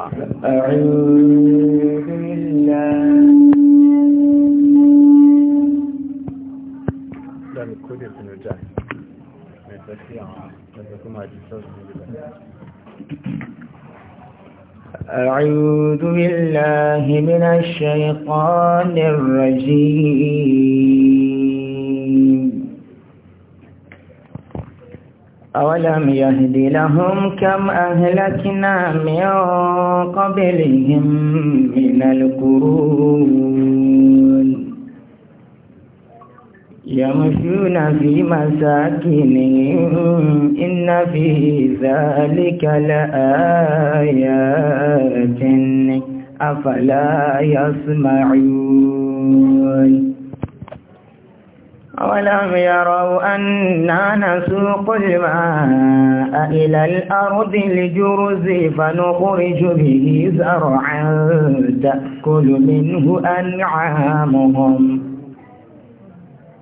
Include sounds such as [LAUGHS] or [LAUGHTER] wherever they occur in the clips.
أعوذ بالله أعوذ بالله من الشيطان الرجيم أولم يهد لهم كم أهلكنا من قبلهم من القرون يمشون في مساكنهم إن في ذلك لآيات أفلا يسمعون أولم يروا أنا نسوق الماء إلى الأرض الجرز فنخرج به زرعا تأكل منه أنعامهم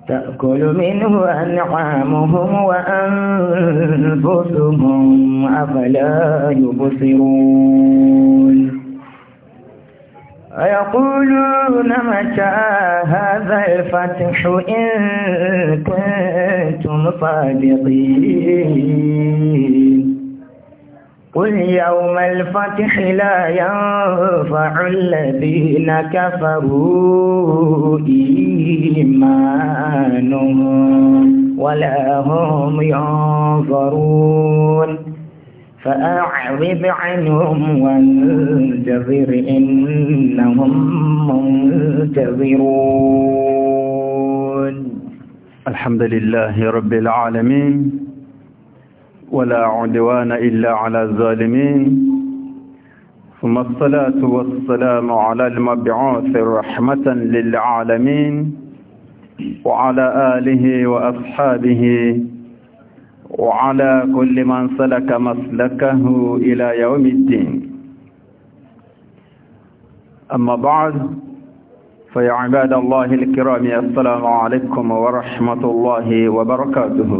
تأكل منه أنعامهم وأنفسهم أفلا يبصرون ويقولون متى هذا الفتح إن كنتم صادقين قل يوم الفتح لا ينفع الذين كفروا إيمانهم ولا هم ينظرون فأعرض عنهم وانتظر إنهم منتظرون الحمد لله رب العالمين ولا عدوان إلا على الظالمين ثم الصلاة والسلام على المبعوث رحمة للعالمين وعلى آله وأصحابه وعلى كل من سلك مسلكه إلى يوم الدين أما بعد فيا عباد الله الكرام السلام عليكم ورحمة الله وبركاته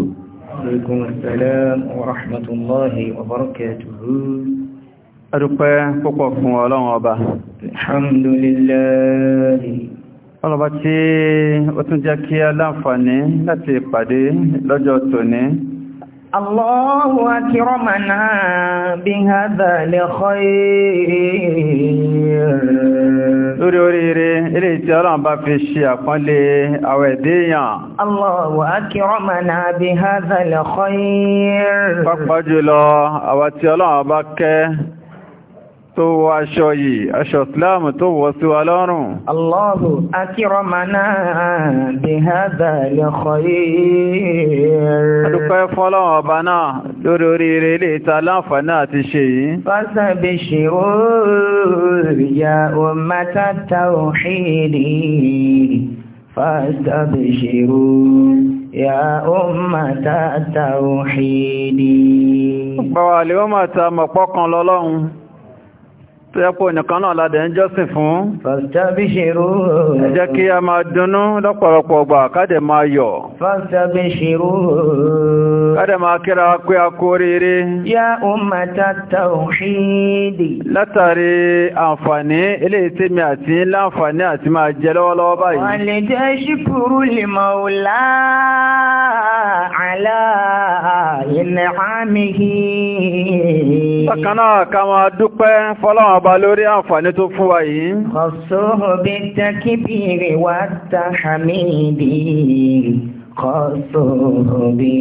عليكم السلام ورحمة الله وبركاته أدوكي فقف ولنوبة الحمد لله ọlọ́ba tí ó tún jẹ́ kí aláǹfààní láti ìpàdé lọ́jọ́ tòní الله أكرمنا بهذا لخير Lórí oríire, ilé tí ọlọ́run bá fi ṣe àpọ́nlé àwọn ẹ̀dẹ́ èèyàn. Allahu akramana bihadha alkhayr. Pápá jùlọ, àwọn tí ọlọ́run bá kẹ́ tó wọ aṣọ yìí aṣọ islamu tó wọ sí wa lọ́rùn Allahu akramana bi hadha al-khayr adúpẹ́ fọ́lọ́wọ̀n ọba náà lórí oríire ilé ìta láǹfààní àti ṣe yìí ya ummata tawhidi fasabshiru ya lè ó mọ̀pọ̀ kan lọ́lọ́run tó yẹ pọ̀ nìkan náà ládẹ̀ ń jọ́sìn fún ẹjẹ́ kí a máa dúnnú lọ́pọ̀lọpọ̀ ọgbà kádẹ̀ máa yọ̀ fàstàbíṣirò máa kíra pé a kó rere yá ummata tawhidi látàrí àǹfààní ilé ìsinmi àti láǹfààní àti máa jẹ lọ́wọ́lọ́wọ́ báyìí ọba lórí àǹfààní tó fún wa yìí. Kọ̀sọ́ bí takíbìrì wá tàhàmìdì. Kọ̀sọ́ bí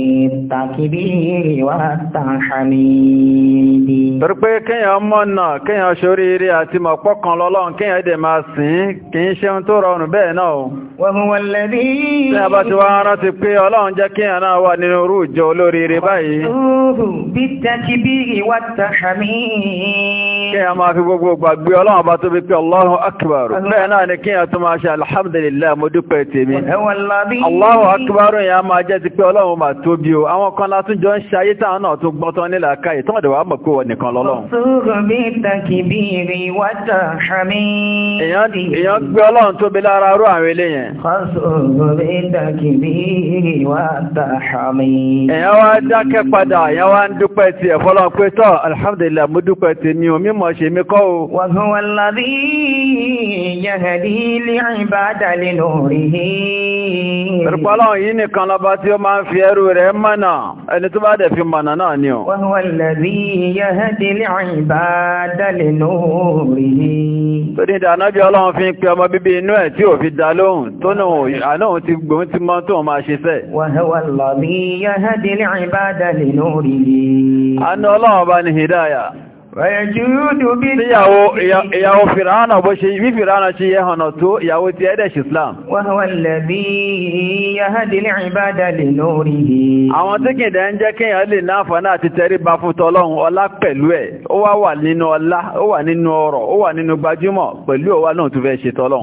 takíbìrì wá tàhàmìdì. Torí pé kíyàn mọ́nà, kíyàn ṣoríire àti mọ̀pọ̀ kan lọ́lọ́run kíyàn èdè máa sìn kì í ṣe tó rọrùn bẹ́ẹ̀ náà. Wọ́n mú wọn lẹ́bí kí a máa fi gbogbo gbàgbé ọlọ́run bá tó bí pé Allahu akbar bẹ́ẹ̀ náà ni kí a tó máa ṣe alhamdulillah mo dúpẹ́ tèmi Allahu akbar ya máa jẹ́ ti pé ọlọ́run máa tó bí o àwọn kan látún jọ ń ṣayé táwọn náà tún gbọ́tọ́ nílà káyì tó mọ̀dẹ̀wà mọ̀ pé wọ nìkan lọ́lọ́run èèyàn gbé ọlọ́run tó bí èèyàn wá dákẹ́ padà èèyàn wá mọ̀ ṣe mi kọ́ o. Wa huwa alladhi yahdi li'ibada linurihi. Ìrùpọ̀lọ́ yìí nìkan lọba tí ó máa ń fi ẹrù rẹ̀ mọ̀nà, ẹni tó bá dẹ̀ fi Torí ìdáná ọlọ́run fi ń pe ọmọ bíbí inú ẹ̀ tí ò fi dá lóhùn tó náà ti gbòun ti mọ́ tó máa ṣe sẹ́. Wa huwa alladhi yahdi li'ibada linurihi. Àánú ọlọ́run bá ní hìdáyà. Tíyàwó ìyàwó Fìràánà bó ṣe bí Fìràánà ṣe yẹ hànà tó ìyàwó ti ẹ́dẹ̀ ṣe Islam. Àwọn tí kìí dẹ̀ ń jẹ́ kí èèyàn lè náàfàánà àti tẹríba fún tọ́lọ́run ọlá pẹ̀lú ẹ̀, ó wá wà nínú ọlá, ó wà nínú ọrọ̀, ó wà nínú gbajúmọ̀ pẹ̀lú ọwá náà tó fẹ́ ṣe tọ́lọ́run.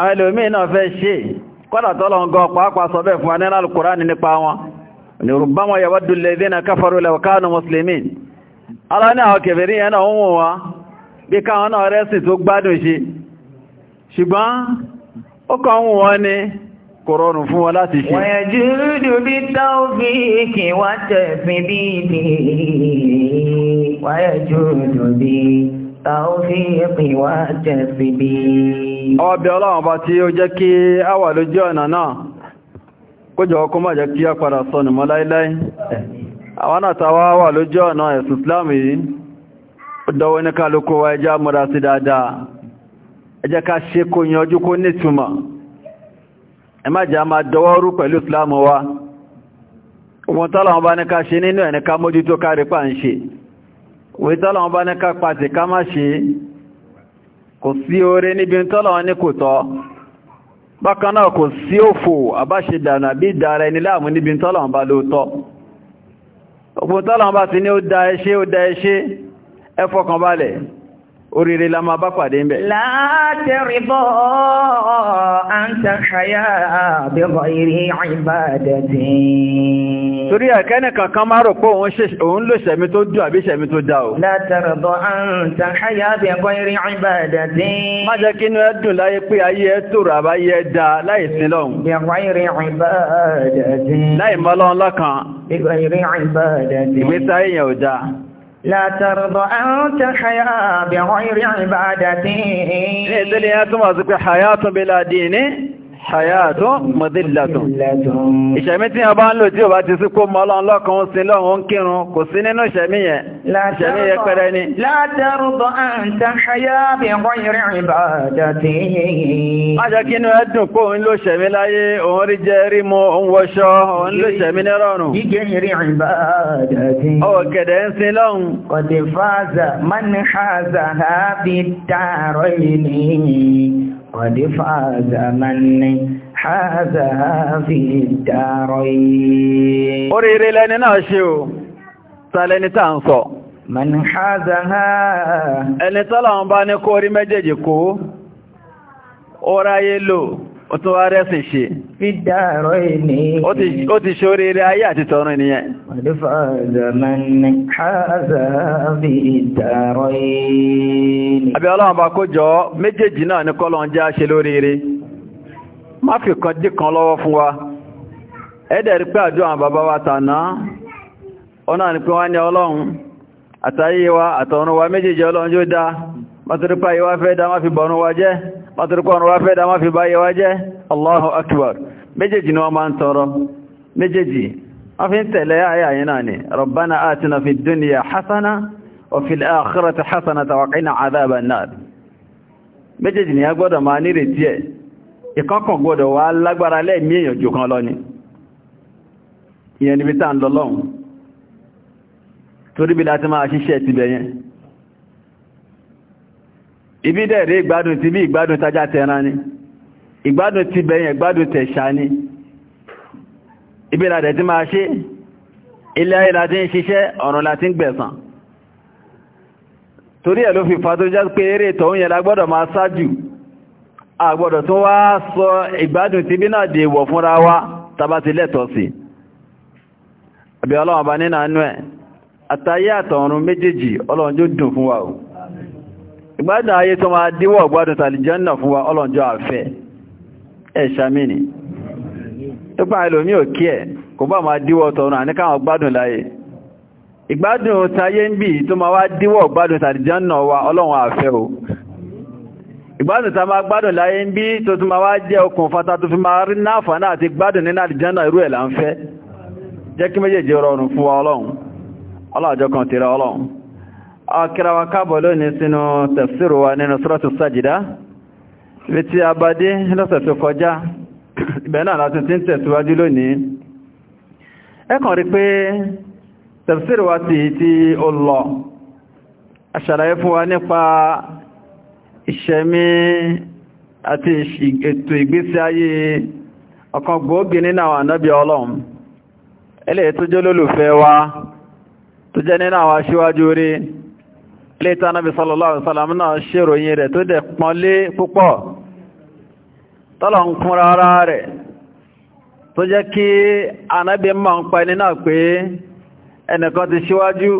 àwọn ẹlòmíì náà fẹ́ ṣe kọ́dà tọ́lọ̀ngọ́ pàápàá sọ fún al nípa wọn ni rubama yawaddu alladhina kafaru na kanu muslimin ala ní gbádùn ni kò rọrùn fún wọn láti ṣe. bí wá bí ní tàófíìkì wá tẹ̀sí bí i. ọbẹ̀ ọlọ́run bá tí ó jẹ́ kí a wà lójú ọ̀nà náà kójọ ọkọ́ má jẹ́ kí a padà sọnù mọ́ láíláí àwọn àtàwà wà lójú ọ̀nà ẹ̀sùn Islam yìí ó dọwọ́ ní kálukú wa ẹjá múra sí dáadáa ẹ jẹ́ ká ṣe wé tọ́lọ̀wọ́n bá ní ká pàtì ká má ṣe kò sí oore níbi tọ́lọ̀wọ́n ní kò tọ́ bákan náà kò sí òfò àbáṣe dànà bí dára ẹni láàmú níbi tọ́lọ̀wọ́n bá lóòtọ́ òfò tọ́lọ̀wọ́n bá ti ní ó da ẹṣẹ́ ó da ẹṣẹ́ ẹ oríire la máa bá pàdé ń bẹ̀. látẹ̀rí bọ́ àǹtà ṣayá àbẹ̀bọ̀ ìrì ìbàdàdì. torí ẹ̀kẹ́ni kankan máa rò pé òun lò sẹ̀mí tó dùn àbí sẹ̀mí tó dá o. látẹ̀rí bọ́ àǹtà ṣayá àbẹ̀bọ̀ ìrì ìbàdàdì. má jẹ́ kí inú ẹ dùn láyé pé ayé ẹ tòrò àbáyé ẹ dá láì sin lọ́hùn. bẹ̀rẹ̀ ìrì ìbàdàdì. láì mọ́ lọ́hùn لا ترضى أن تحيا بغير عبادتي إذن يا تمازك حياة بلا دين ṣàyàtọ́ mọ̀dílàtún ìṣẹ̀mí tí a bá ń lò tí ó bá ti sí kó mọ́ ọlọ́run lọ́kan sí lọ́run ń kírun kò sí nínú ìṣẹ̀mí yẹn ìṣẹ̀mí yẹn pẹ̀rẹ̀ ni látẹ́rùbọ̀ àǹtà ṣayábì rọ́yìnrìn ìbàdàtí májọ kí inú ẹdùn pé òun ló ṣẹ̀mí láyé òun قد فاز من حاز في الدارين oríire lẹni náà ṣe o ta lẹni tá ń sọ man haza ha ẹni tọ́lọ̀ ń bá ní kó orí méjèèjì kó ó ráyé lò ó tún wá rẹ́sìn ṣe fídàrọ̀ ìní ó ti ṣe oríire ayé àti tọ̀run ènìyàn àbí ọlọ́run bá kó jọ méjèèjì náà ní kọ́lọ̀ ń já ṣe lóríire má fi kan kan lọ́wọ́ fún wa pé àjọ àwọn bàbá wa tàná pé ní ọlọ́run méjèèjì ọlọ́run yóò dá fi bọ̀rún wa mọ́tòrúkọ́ ọ̀rọ̀ wáfẹ́ dámá fi báyẹ wá jẹ́ Allahu akbar méjèèjì ni wọ́n máa ń tọrọ méjèèjì wọ́n fi ń tẹ̀lé àyà yìí náà ni rabbana atina fi dunya hasana wa fil akhirati hasana wa qina adhaban nar méjèèjì ni a gbọ́dọ̀ máa nírètí ẹ̀ ìkọ́kàn gbọ́dọ̀ wá lágbára lẹ́ẹ̀mí èèyàn jù kan lọ ni ìyẹn níbi tá ń lọ lọ́hùn torí bí láti máa ṣiṣẹ́ ti bẹ̀yẹn ibi dẹ̀rẹ̀ ìgbádùn ti bí ìgbádùn tajá tẹran ni ìgbádùn ti bẹ̀yẹn ìgbádùn tẹ̀ṣà ni ibi làdẹ̀ tí máa ṣe ilé ayé láti ń ṣiṣẹ́ ọ̀run láti ń gbẹ̀sàn torí ẹ̀ ló fi fa tó jẹ́ pé eré tọ̀hún yẹn lágbọ́dọ̀ máa sáájú àgbọ́dọ̀ tó wá sọ ìgbádùn ti bí náà dèèwọ̀ fúnra wa tàbá ìgbádùn ayé tó máa díwọ̀ gbádùn tàlìjọ́nà fún wa ọlọ́njọ́ àfẹ́ ẹ̀ṣàmìnì tó bá ìlòmí òkí ẹ̀ kò bá máa díwọ̀ tọrọ àní káwọn gbádùn láyé ìgbádùn tayé ń bí tó máa wá díwọ̀ gbádùn tàlìjọ́nà wa ọlọ́run àfẹ́ akira wa káàbọ̀ lónìí sínú tafsiru wa nínú suratu sajida ibi tí a na tó kọjá [COUGHS] ibẹ̀ náà láti tí pé tafsiru wa ti ti ọlọ wa nípa ìṣẹ̀mí àti ètò ìgbésí ayé ọ̀kan gbòógì wa léta náà bí sallallahu alaihi wasallam náà ṣèròyìn rẹ̀ tó dẹ̀ pọ́nlé púpọ̀ tọ́lọ̀ ń kún rárá rẹ̀ tó jẹ́ kí anábí ma ń pa ẹni pé ẹnìkan ti ṣíwájú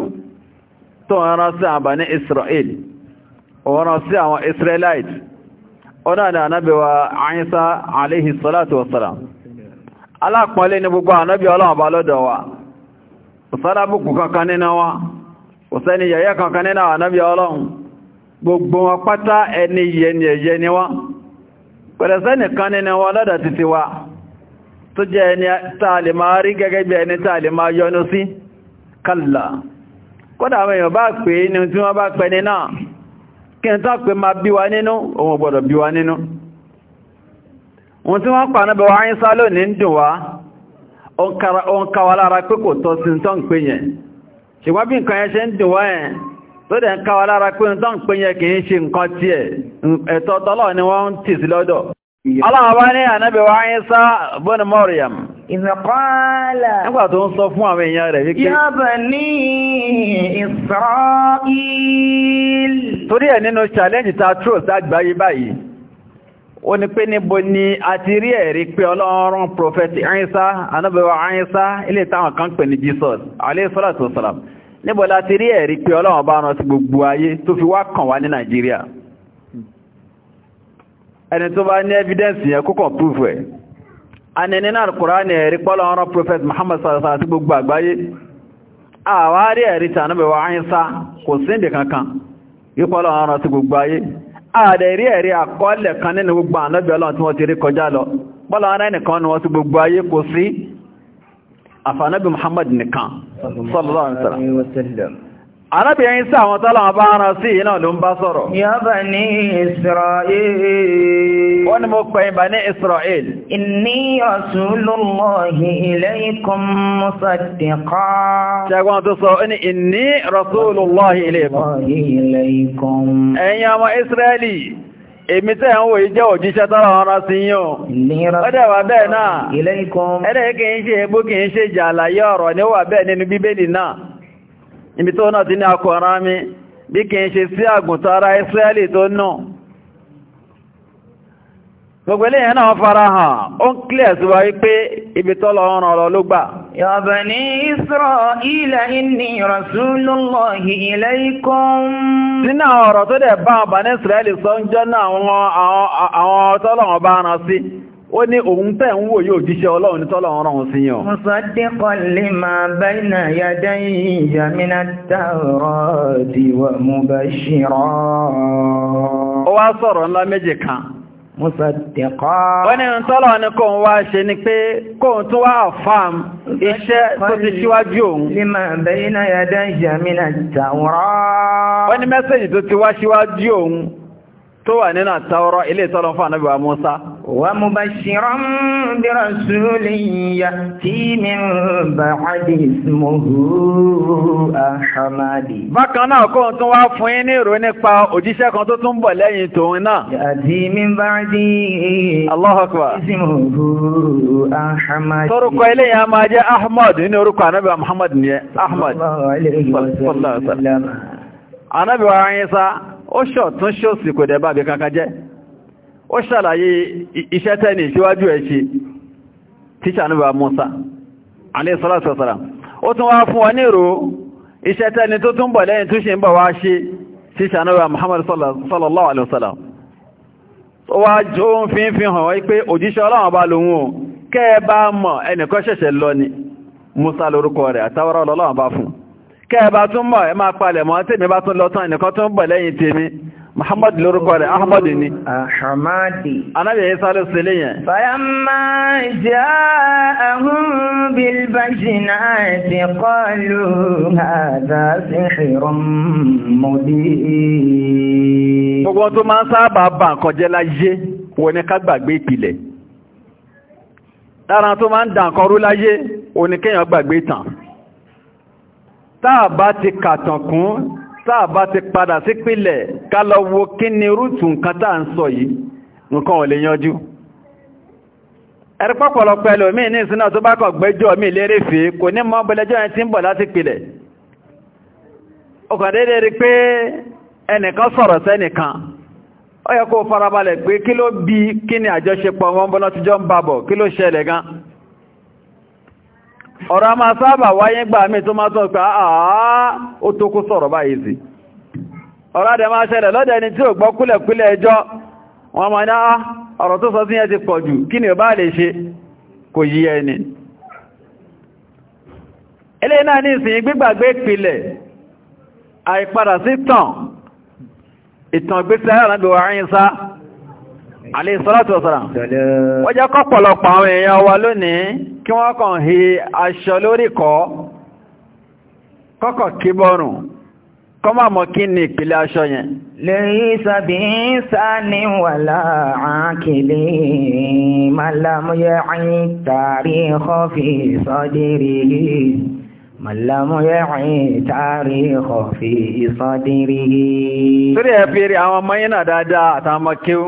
tó ń rán sí àbà ní Israel rán sí àwọn wa salatu wasalam kò yẹ̀yẹ́ kankan nínú àwọn gbogbo wọn pátá ẹni ẹ̀yẹ ni wọ́n pẹ̀lẹ̀ kan nínú wọn lọ́dọ̀ títí wa tó jẹ́ ẹni tààlì máa rí gẹ́gẹ́ bí ẹni tààlì máa yọnú sí kàlà kódà àwọn èèyàn bá pè é ní tí wọ́n bá pẹ wa ṣùgbọ́n bí nǹkan ẹṣẹ́ ń dùn wọ́n ẹ̀ tó dẹ̀ ń káwà lára pé ń tán pé yẹ kìí ṣe nǹkan tí ẹ̀ ẹ̀tọ́ tọ́lọ̀ ni wọ́n ń tì sí lọ́dọ̀ Allah wá ní ànábì ó ní pé níbo ni a ti rí ẹ̀rí pé ọlọ́run prophet Isa ànábì wa ilé táwọn kan pè ní Jesus alayhi salatu wasalam níbo la ti rí ẹ̀rí pé ọlọ́run bá rán sí gbogbo ayé tó fi wá kàn wá ní nàìjíríà ẹni tó bá ní evidence yẹn kókàn proof ẹ̀ àní nínú Al-Kùránì ẹ̀rí pé rán prophet muhammad sallallahu alaihi gbogbo àgbáyé àwárí ẹ̀rí tànú bẹ̀wà àyínsá kò sí ìdè kankan yípo ọlọ́run rán sí gbogbo ayé ààrẹ rí ẹ̀rí àkọọ́lẹ̀ kan nínú gbogbo ànábì àfànàbí muhammad nìkan sallallahu alaihi wasallam arábìnrin sí àwọn tọ́lọ̀ bá rán sí iná ló ń bá sọ̀rọ̀. ya bani israel wọ́n ni mo pẹ̀yìn bani israel inni rasulullahi ilaykum musaddiqa ṣẹgbọ́n tó sọ ní inni rasulullahi ilaykum ẹ̀yin israeli èmi tẹ́ ń wòye jẹ́ òjíṣẹ́ tọ́rọ ọ̀rọ̀ sí yíò ọdẹ̀wà bẹ́ẹ̀ náà ẹ̀rẹ́ kì n ṣe ebú kì í ṣe jà àlàyé ọ̀rọ̀ níwà bẹ́ẹ̀ nínú bíbélì náà ibi tó náà ti ní akọ̀ọ̀rọ̀ mi bí kì ṣe sí àgùntọ́ ara to tó gbogbo eléyìn náà fara hàn ó ń kílẹ̀ síwá wípé ibi tọ́lọ ọ̀rọ̀ ló gbà. ya bani Isra'ila inni rasulullahi ilaykum. nínú àwọn ọ̀rọ̀ tó dẹ̀ bá àwọn bani Isra'ili sọ ń jọ́ náà àwọn tọ́lọ wọn bá rán lima bayna yadayya minat tawrati wa mubashshira. ó wá sọ̀rọ̀ ńlá mọ́sàdẹ̀kọ́. wọ́n ní tọ́lọ̀ ní kò ń wá ṣe ni pé kò ń tún wá fàm iṣẹ́ tó ti ṣíwájú òun. ní máa bẹ̀yìn náà yà dá ìṣàmìnà tàwọ́rọ́. wọ́n ní mẹ́sẹ̀jì tó ti wá ṣíwájú òun tó wà nínú àtàwọ́rọ́ ilé ìtọ́lọ́ fún ànábì wa ومبشرا برسول يأتي من بعد اسمه أحمد bákan náà kó tún wá fún yín ní ìròyìn nípa òjíṣẹ́ kan tó tún bọ̀ lẹ́yìn tòun náà. yàtí min ba'di. Allahu akbar. ismuhu ahmad. torúkọ ilé yẹn máa jẹ́ ahmad nínú orúkọ muhammad ahmad. kankan ó ṣàlàyé iṣẹ́ tẹ́ni síwájú ẹ̀ ṣe tíṣà níbà Musa alayhi salatu wassalam ó tún wá fún wa ní ìrò iṣẹ́ tẹ́ni tó tún bọ̀ lẹ́yìn tó ṣe ń bọ̀ wá ṣe tíṣà níbà Muhammad sallallahu alayhi wasallam ó wá jọ ń fi ń fi hàn wáyé pé òjíṣẹ́ ọlọ́run bá lòun o kẹ́ bá mọ̀ ẹnìkan ni Musa lórúkọ rẹ̀ àtàwárọ̀ ọlọ́run bá Muhammad lórúkọ rẹ̀, Ahmadu ni. Ahmadi. Anábìyà Isa ló sílé yẹn. Fàyàmà jẹ́ ahun bilbajina ti kọlu àdá sí ṣìrùn mọ́bí. Gbogbo tó máa ń sábà bá nǹkan jẹ́ láyé, wọ́n ní ká gbàgbé ìpìlẹ̀. Lára tó máa ń dà nǹkan rú láyé, òní kéèyàn gbàgbé tàn. Táà bá ti kàtàn kún táàbá ti padà sí pìlẹ̀ ká lọ wo kí ni rútù nǹkan tá à ń sọ yìí nǹkan ò lè yanjú ẹ̀rẹ́pọ̀pọ̀lọ̀ pẹ̀lú mí ní ìsinà tó bá kọ̀ gbẹ́jọ́ mí lérí fi kò ní mọ́ bẹ̀lẹ́jọ́ yẹn tí ń bọ̀ láti pìlẹ̀ ọkàn dédé rí pé ẹnìkan sọ̀rọ̀ sẹ́nìkan ó yẹ kó farabalẹ̀ pé kí ló bí kí ni àjọṣepọ̀ wọn bọ́lá tíjọ́ ń babọ̀ kí ló ṣẹlẹ̀ gan-an ọ̀rọ̀ a máa sábà wáyé gbà mí tó máa sọ pé àà ó tó kó sọ̀rọ̀ báyìí sí ọ̀rọ̀ adẹ máa ṣẹlẹ̀ lọ́dẹ̀ ni tí ò gbọ́ kúlẹ̀kúlẹ̀ ẹjọ́ wọn máa náà ọ̀rọ̀ tó sọ sí yẹn ti pọ̀ jù kí ni bá lè ṣe kò yí ẹni ilé náà Àlé sọ́lọ́tù ọ̀sọ́rà. Ó jẹ́ kọ́pọ̀lọpọ̀ àwọn èèyàn wa lónìí kí wọ́n kàn hí aṣọ lórí kọ́, kọ́kọ̀ kí bọ́rùn, kọ́ máa kí ní ìpìlẹ̀ aṣọ yẹn. Lẹ́yìn sàbí sáni wà láàákìlẹ̀ màlàmúyẹ́ àyín tàrí kọfí sọ́dírí. rí àwọn ọmọ yín dáadáa àtàwọn ọmọ kíw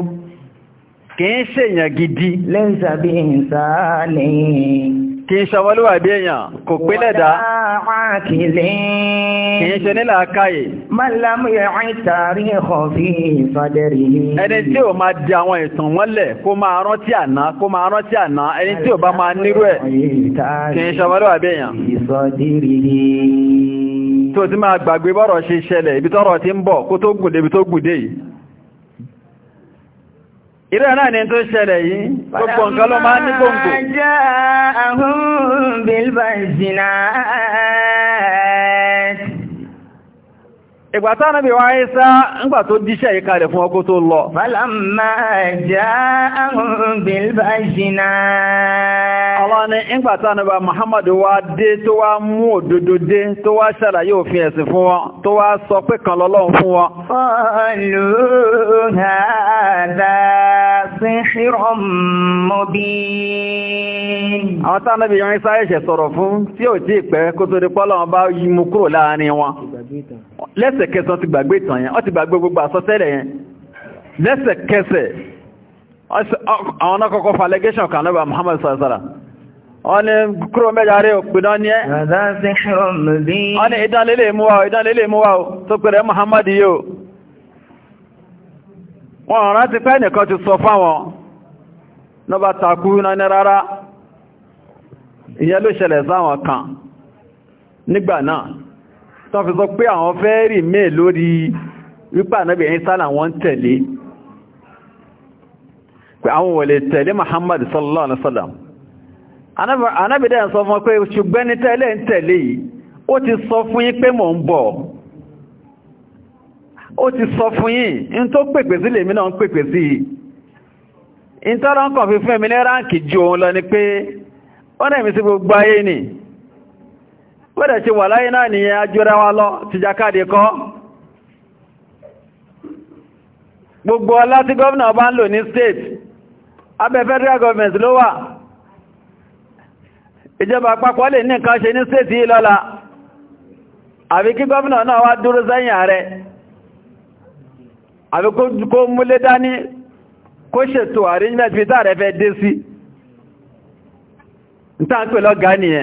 kìí ṣèyàn gidi lẹ́yìn sàbí ìsáàlẹ̀ kìí ṣọwọ́lúwà bí èyàn kò pé kìí ṣe nílà káyè ẹni tí ó máa di àwọn ìtàn mọ́lẹ̀ kó máa rántí àná kó máa rántí àná ẹni tí ó bá máa nírú ẹ̀ kìí ṣọwọ́lúwà bí èyàn tó ti máa gbàgbé bọ́rọ̀ ṣe ṣẹlẹ̀ ibi tọ́rọ̀ ti ń bọ̀ kó tó gùn débi tó gùn dé yìí Ìrẹ́ náà ni tó ṣẹlẹ̀ yìí, gbogbo nǹkan ló máa ní gbòǹgbò. Àjá àhún Bilba Zina ìgbàtà náàbí wá ẹ́sá ńgbà tó díṣẹ́ yìí kalẹ̀ fún ọkọ́ tó lọ. Fàlàmà já àrùn bilbáṣínà. Allah ni ìgbàtà náàbà Muhammadu wá dé tó wá mú òdodo dé tó wá ṣàlàyé òfin ẹ̀sìn fún wọn tó wá sọ pé kan lọ́lọ́run fún wọn. Fọ́ọ̀lù hàdà síhírọ̀ mọ́bí. Àwọn lẹ́sẹ̀kẹsẹ̀ ti gbàgbé ìtàn yẹn wọ́n ti gbàgbé gbogbo àsọtẹ́lẹ̀ yẹn lẹ́sẹ̀kẹsẹ̀ àwọn akọ́kọ́ falẹ́gẹ́ṣọ̀ kan lọ́bà Muhammad sallallahu wọ́n ni kúrò mẹ́jà rẹ̀ òpìdán ní ẹ́ wọ́n ni ìdánlélé múwá o ìdánlélé múwá o tó pẹ̀rẹ̀ Muhammad yíò wọ́n rán ti pẹ́ nìkan ti sọ fáwọn lọ́bà takú náà rárá ìyẹn ló ṣẹlẹ̀ sáwọn kan nígbà náà tó fi sọ pé àwọn fẹ́ rì mẹ́ lórí wípé ànábì Ìsá làwọn tẹ̀lé pé àwọn wọlé tẹ̀lé Muhammad sallallahu alaihi wasallam ànábì sọ fún pé ṣùgbẹ́ ní tẹ́lẹ̀ ń ti sọ fún yín pé mò ń bọ̀ ti sọ fún yín in tó pèpè sí lèmi náà ń pèpè sí ń ni bẹ́rẹ̀ chi wà láyé náà ni ajúra wa lọ ti jákàdé kọ́ gbogbo ọlá tí gọ́ọ̀nà bá ń lò ní state abẹ́ federal government ló wà ìjọba àpapọ̀ lè ní nǹkan ṣe ní state yìí lọ́la àbí kí gọ́ọ̀nà náà wá dúró sẹ́yìn ààrẹ múlé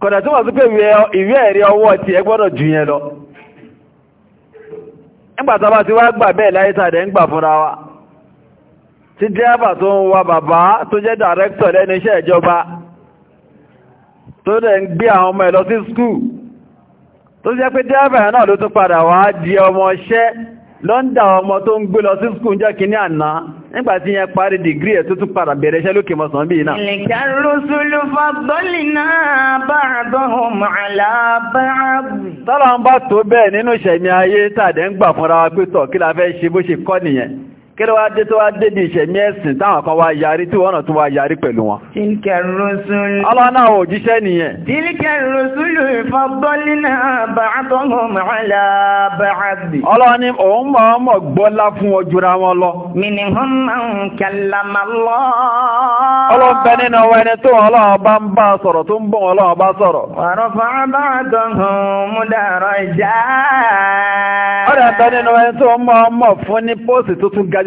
kọ̀dà tó wà sí pé ìwé ẹ̀rí ọwọ́ ti ẹ gbọ́dọ̀ jù yẹn lọ nígbàtà bá ti wá gbà bẹ́ẹ̀ láyé tàdé ń gbà fúnra wa tí dẹ́ẹ̀bà tó ń wa bàbá tó jẹ́ dàrẹ́kítọ̀ lẹ́nu iṣẹ́ ìjọba tó dẹ̀ ń gbé àwọn ọmọ ẹ̀ sí skúù tó jẹ́ pé dẹ́ẹ̀bà náà ló tún padà wá di ọmọ iṣẹ́ lọ́ndà ọmọ tó ń gbé lọ sí skùn jẹ́ àná nígbàtí yẹn parí dìgírí ẹ̀ tó tún padà bẹ̀rẹ̀ iṣẹ́ lókè mọ́sàn bí náà. ìlẹ̀kẹ́ rúsùlù fàgbọ́lì náà bàbá ọmọ aláàbàbù. tọ́lọ́ bá tó kíló wá dé tó wá dé di ìṣẹ̀mí ẹ̀sìn táwọn kan wá yarí tí wọ́n náà tún wá yarí pẹ̀lú wọn. tilkẹ rusulu. ọlọ́nà òjíṣẹ́ nìyẹn. tilkẹ rusulu faddalna ba'dahum ala ba'di. ọlọ́ni òun máa mọ̀ gbọ́lá fún wọn jura wọn lọ. minhum man kallama Allah. ọlọ́bẹ nínú wa ẹni tó ọlọ́wọ́ bá ń bá sọ̀rọ̀ tó ń bọ̀ ọlọ́wọ́ bá sọ̀rọ̀. wa rafa'a ba'dahum darajat. ọ̀rẹ́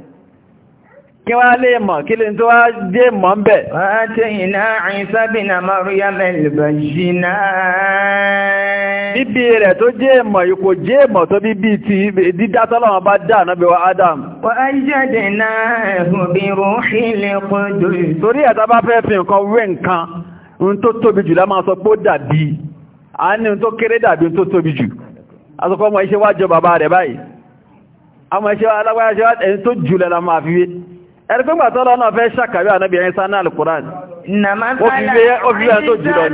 kí wá lè mọ̀ kí lè tó wá dé mọ̀ ń bẹ̀. wọ́n tẹ́ iná Ìsá bìnà Maryam al-bayyinah. bíbí rẹ̀ tó jẹ́ mọ̀ kò jẹ́ mọ̀ tó bíbí ti dídá tọ́lọ́wọ́n bá dá náà bí Adam. wọ́n jáde náà bi ruhil qudus. torí ẹ̀ta bá fẹ́ fi nǹkan wé nǹkan la máa sọ pé ó dàbí a ní ohun tó kéré dàbí ohun tó tóbi jù a sọ pé ọmọ iṣẹ́ wájọ bàbá rẹ̀ báyìí àwọn iṣẹ́ alágbáyà ṣe wá ẹni tó ẹ̀rẹ́gbẹ́ gbà tọ́lọ́ náà fẹ́ ṣàkàwé ànábì ẹ̀yìn sáná alìkùrán òfìwé tó jùlọ ní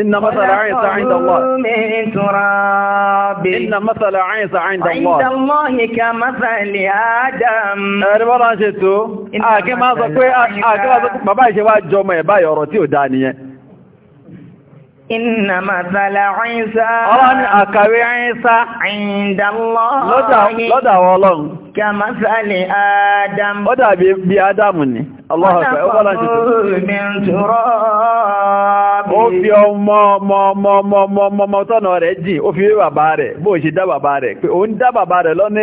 إن مثل عيسى عند الله من تراب إن مثل عيسى عند الله عند الله كمثل آدم ẹ̀rí bọ́lá ń ṣe tó àkí máa sọ pé bàbá ìṣẹ́wà jọmọ̀ ẹ̀bá ìyọ̀rọ̀ Inna mathala Isa. Ọlọ́run ni àkàrí Isa. Inda Allah. Lọ́dà àwọn ọlọ́run. Kà mathali Adam. Ó dàbí bí Adam ni. Allah ọ̀fẹ́ ó bọ́lá jù ó fi ọmọ ọmọ tọ́nà rẹ̀ jìn ó fi wé bàbá rẹ̀ bó ṣe dá bàbá rẹ̀ pé ó ń dá bàbá rẹ̀ lọ́nà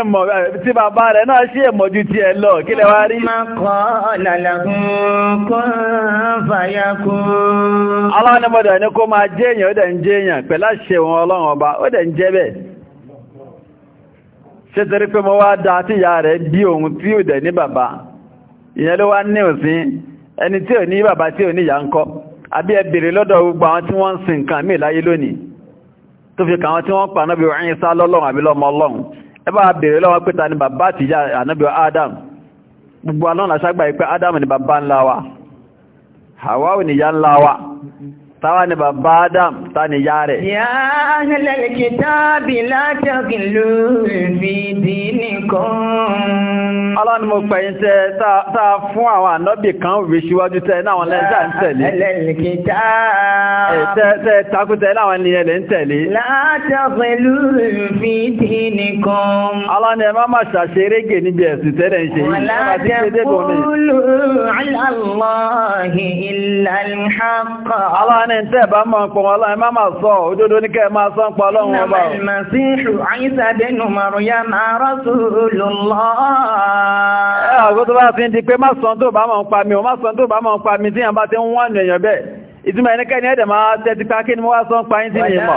ìmọ̀ tí bàbá rẹ̀ náà ṣe èmọ̀ ju ti ẹ lọ kí lẹ wá rí Allah ní mọ́dọ̀ ní kó máa jẹ́ èèyàn ó dẹ̀ ń jẹ́ èèyàn pẹ̀lá ṣe wọn ọlọ́run ọba ó dẹ̀ ń jẹ́ bẹ́ẹ̀ ṣe tẹ́rí pé mọ́ wá dáa tí ìyá rẹ̀ bí ohun tí ò dẹ̀ ní bàbá ìyẹn ló wá ní òsín ẹni tí ò ní bàbá tí ò ní ìyá ń kọ́ àbí ẹ bèrè lọ́dọ̀ gbogbo àwọn tí wọ́n ń sin nǹkan mí Adam gbogbo alọ́run Adam ni bàbá ńlá Hawa ni ìyá ńlá táwa ni bàbá Adam ta ni yá rẹ̀. Ya ahlal kitabi la taghlu fi dinikum. Ọlọ́run mo pẹ̀yìn tẹ́ tá a fún àwọn ànábì kan òwe síwájú tẹ́ náwọn lẹ́jà ń tẹ̀lé. Ahlal kitabi. Tẹ́ takútẹ́ láwọn ènìyàn lè ń tẹ̀lé. La taghlu fi dinikum. ẹ máa ṣàṣerégè níbi illa al e tẹ́ bá máa ń pọ̀ wọn láì máa sọ òdodo ní kẹ́ máa sọ ń pọ̀ ọlọ́run ọba. Màsíhù Àyíṣà bẹ́nu Màrúyàm Rasulullah. Ẹ àgọ́ ya bá fi ń di pé má sọ tó bá máa ń pa mi, ò má sọ tó bá máa ń pa mi tí yàn bá ti ìtumọ̀ ẹnikẹ́ ni ẹ̀dẹ̀ máa tẹ́tí pàkí ni wọ́n wá sọ ń pa yín sí ní ìmọ̀.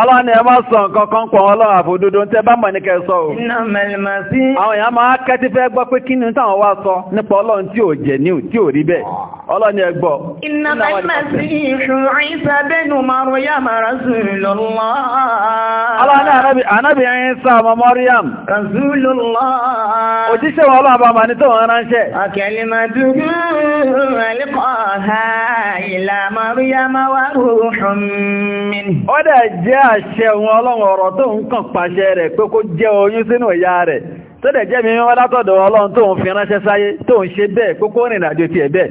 ọlọ́run ni ẹ máa sọ nǹkan tẹ́ bá mọ̀ ní kẹ́ sọ o. àwọn èèyàn máa kẹ́tí fẹ́ gbọ́ pé kí ni táwọn wá sọ nípa ọlọ́run tí ò jẹ́ ní tí ò rí bẹ́ẹ̀ ọlọ́run ni ẹ gbọ́. ọlọ́run ni ألقاها إلى مريم وروح منه ó dẹ̀ jẹ́ àṣẹ wọn ọlọ́run ọ̀rọ̀ tó ń kàn pàṣẹ rẹ̀ pé kó jẹ́ oyún sínú ìyá rẹ̀ tó dẹ̀ jẹ́ mímọ́ látọ̀dọ̀ ọlọ́run tó ń fi ránṣẹ́ sáyé tó ń ṣe bẹ́ẹ̀ kókó rìnrìn àjò tiẹ̀ bẹ́ẹ̀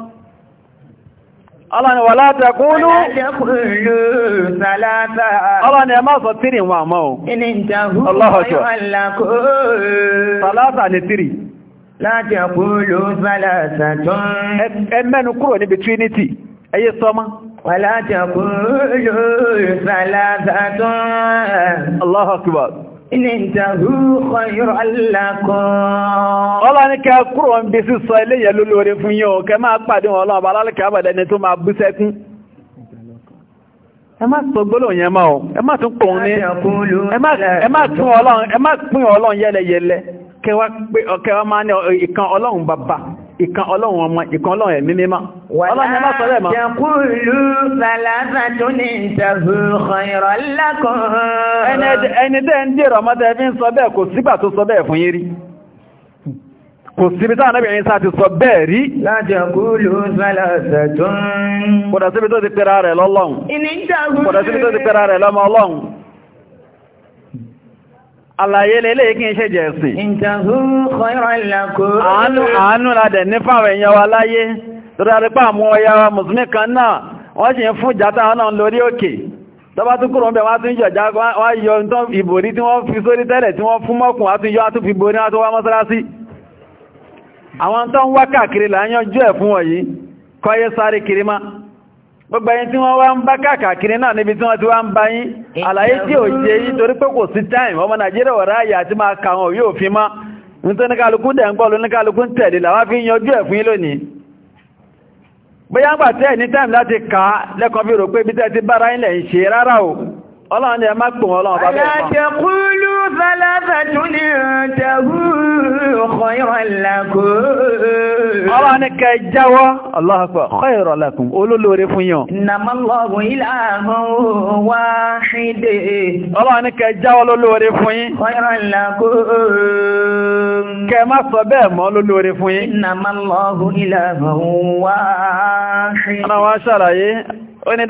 Ọlọ́ni wà látẹ̀kúnlú. Látẹ̀kúnlú sàlátà. Ọlọ́ni ẹ máa sọ tírì wọn àmọ́ o. Ìní ìjàhú ọ̀yọ́ àlàkó. Sàlátà ni tírì. Látẹ̀kúnlú ẹyẹ sọmọ́. Wà látẹ̀kúnlú sàlátà tó ń. Allahu Akbar. Ìní ìjàhú ọ̀yọ́ àlàkó. ní kúrò ń bí sísọ iléyẹ fún yíò kẹ máa pàdé wọn lọ́wọ́ alálẹ́kẹ́ ni tó máa bú sẹ́kún ẹ má sọ gbólóhùn yẹn mọ́ ẹ má tún pòun ní ẹ má pín ọlọ́run yẹ́lẹyẹlẹ kẹwàá máa ní ìkan ọlọ́run bàbá ìkan ọlọ́run ọmọ ìkan ọlọ́run ẹ̀mí mímá ọlọ́run ẹ̀má sọ lẹ́mọ́. yàkúlù sàlásà tó ní ìtàhù ọ̀rọ̀ lákọ̀ọ́. ẹni dẹ́ ń dèrò ọmọdé fi sọ bẹ́ẹ̀ kò kò síbi táwọn anábìnrin sáà ti sọ bẹ́ẹ̀ rí. láti ọkùnrin sálà ṣẹ̀tún. kò dà síbi tó ti pẹ́ra rẹ̀ lọ́lọ́run. ìníjàgún. kò dà síbi tó ti pẹ́ra rẹ̀ lọ́mọ ọlọ́run. àlàyé lélẹ̀ kí n ṣe jẹ̀sìn. ìjàgún khayran lakum. àánú àánú la dẹ̀ ní fáwọn èèyàn wa láyé. lórí arípa àmú ọya wa mùsùlùmí kan náà wọ́n sì ń fún jàtà náà lórí òkè tọba tún kúrò mẹ́ wá tún yọjá wá ìbòrí tí wọ́n fi sórí tẹ́lẹ̀ tí wọ́n fún mọ́kùn wá tún yọ fi borí wá tún wá mọ́sálásí àwọn tó ń wá káàkiri láyánjú ẹ̀ fún wọ̀nyí kọye sáré kiri má gbogbo tí wọ́n wá ń bá káàkiri náà níbi tí wọ́n ti wá ń bá yín àlàyé tí ò jẹ́ yí torí pé kò sí time ọmọ nàìjíríà ọ̀rá fi yanjú ẹ̀ fún yín lónìí bóyá ń gbà ní láti kà á ثلاثة انتهوا خيرا لكم ọlọ́run ní kẹ jáwọ́ Allahu Akbar khayran lakum olólóore fún yàn innama Allahu ilahun wahid ọlọ́run ní kẹ jáwọ́ lólóore fún yín khayran lakum kẹ má sọ bẹ́ẹ̀ mọ́ lólóore fún yín innama Allahu ilahun wahid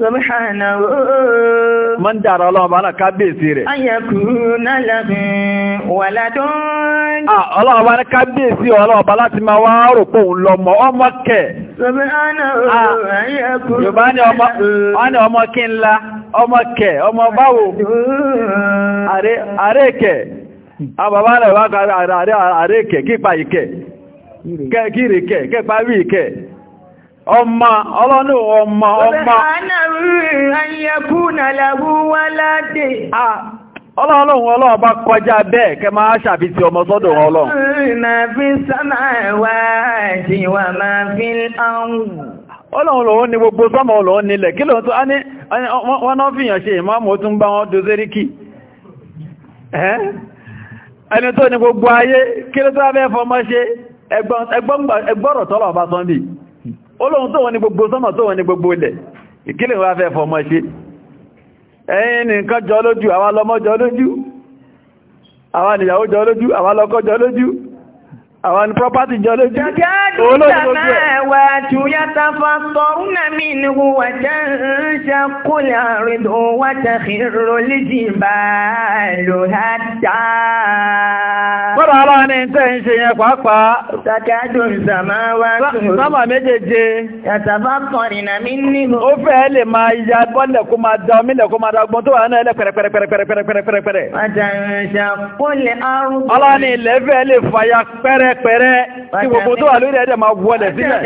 Ma Mọ́n dára ọlọ́ọ̀bá náà kábíyèsí rẹ̀. Ayẹ̀kú náà lẹ́bìn wà látọ́ ọlọ́ọ̀bá ní kábíyèsí ọlọ́ọ̀bá láti máa wá rò pé òun lọ́mọ ọmọ kẹ̀. Yorùbá ní ọmọ ọmọ kẹ̀ ọmọ báwo àrẹ kẹ̀ àbàbá rẹ̀ wá kàrí àrẹ kẹ̀ ọmọ ọlọ́nà ọmọ ọmọ ọlọ́run ah, ọlọ́run bá kọjá bẹ́ẹ̀ kẹ máa ṣàbí ti ọmọ sọ́dọ̀ ọlọ́run ọlọ́run ni gbogbo sọ́mọ̀ ọlọ́run nílẹ̀ kí lòun tó á ní wọ́n náà fìyàn ṣe tún bá ẹni tó ní gbogbo ayé kí olóhun tó wọ́n ní gbogbo sọ́mọ̀ tó wọ́n ní gbogbo ilẹ̀ ìkílẹ̀ wá fẹ́ fọmọ ṣe ẹ̀yin nìkan jọ lójú àwa lọmọ jọ lójú àwa nìyàwó jọ lójú àwa lọ́kọ jọ lójú àwọn property jọ lójú olóògbògbò ẹ̀ wà tẹ́ ń ṣe yẹn pàápàá takádùn sàmáwá tòrò sámà méjèèje yàtà fàtọ̀rún àmì ìnú ó fẹ́ lè máa ya bọ́lẹ̀ kó máa da omílẹ̀ kó máa da ọgbọ́n tó wà náà lẹ́ pẹ̀rẹ̀pẹ̀rẹ̀pẹ̀rẹ̀pẹ̀rẹ̀ pẹ̀rẹpẹ̀rẹ tí gbogbo tó wà lórí ẹ̀dẹ̀ máa wọlẹ̀ sílẹ̀.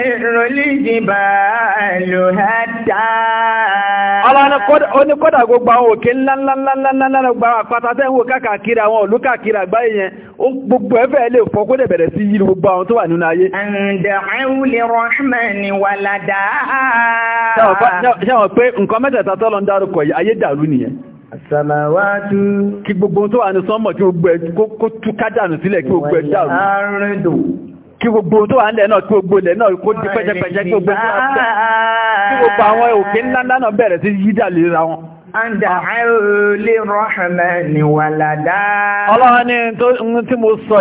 Ọlọ́ni kọ́dà gbogbo àwọn òkè ńláńláńláńláńlá gba àpáta tẹ́ ń wò káàkiri àwọn òlú káàkiri àgbáyé yẹn, gbogbo ẹ̀fẹ́ lè fọ́ kó dẹ̀ bẹ̀rẹ̀ sí yìí gbogbo àwọn tó wà nínú ayé. Àsàmàwájú. Kí gbogbo tó wà ní sánmọ̀ tí gbogbo ẹ̀ kó tú kádànù sílẹ̀ kí gbogbo ẹ̀ dàrú. Kí gbogbo tó wà nílẹ̀ náà kí gbogbo ilẹ̀ náà kó di pẹ́jẹpẹ́jẹ kí gbogbo tó wà Kí gbogbo àwọn òkè ńlá ńlá náà bẹ̀rẹ̀ sí yídà lera wọn. Ọlọ́run ni tí mo sọ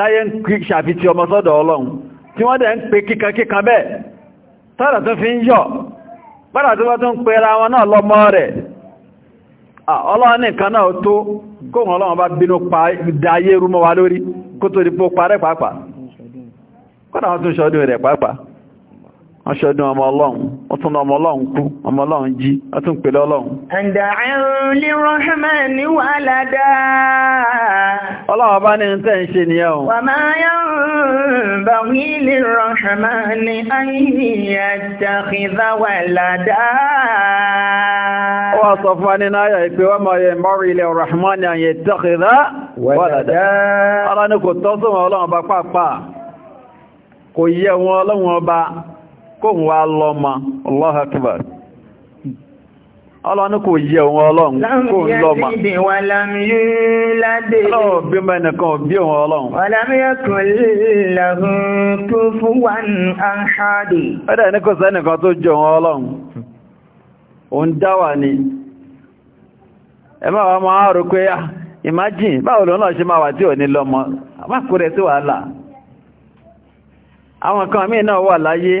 táyé ń ṣàfitì ọmọ sọ́dọ̀ ọlọ́run tí wọ́n dẹ̀ ń pe kíkankíkan bẹ́ẹ̀ tọ́rọ̀ tó fi ń yọ̀ pẹ́lá tó wọ́n tó ra wọn náà lọ́mọ rẹ̀ ọlọ́run nìkan náà tó bá pa aṣọ́dún ọmọ ọlọ́run wọ́n tún ọmọ ọlọ́run kú ọmọ ọlọ́run jí wọ́n tún pèlẹ̀ ọlọ́run. ẹ̀ndàrún lè rọ́ṣùmọ̀ ní wà ládàá. ọlọ́wọ́ bá ní tẹ́ ń ṣe nìyẹn o. wà máa yán bá wí lè rọ́ṣùmọ̀ ní àyíyà jàkìdá wa nínú kóhùn wa lọ́mọ Allahu Akbar ọlọ́ni kò yẹ òun ọlọ́run kò ń lọ́mà ọlọ́run bí mẹ́nìkan bí òun ọlọ́run ọdẹ́ ní kò sẹ́nìkan tó jẹ òun ọlọ́run òun dáwà ni ẹmọ́ àwọn máa rò pé ah, imagine báwo lòun náà ṣe o wà tí ò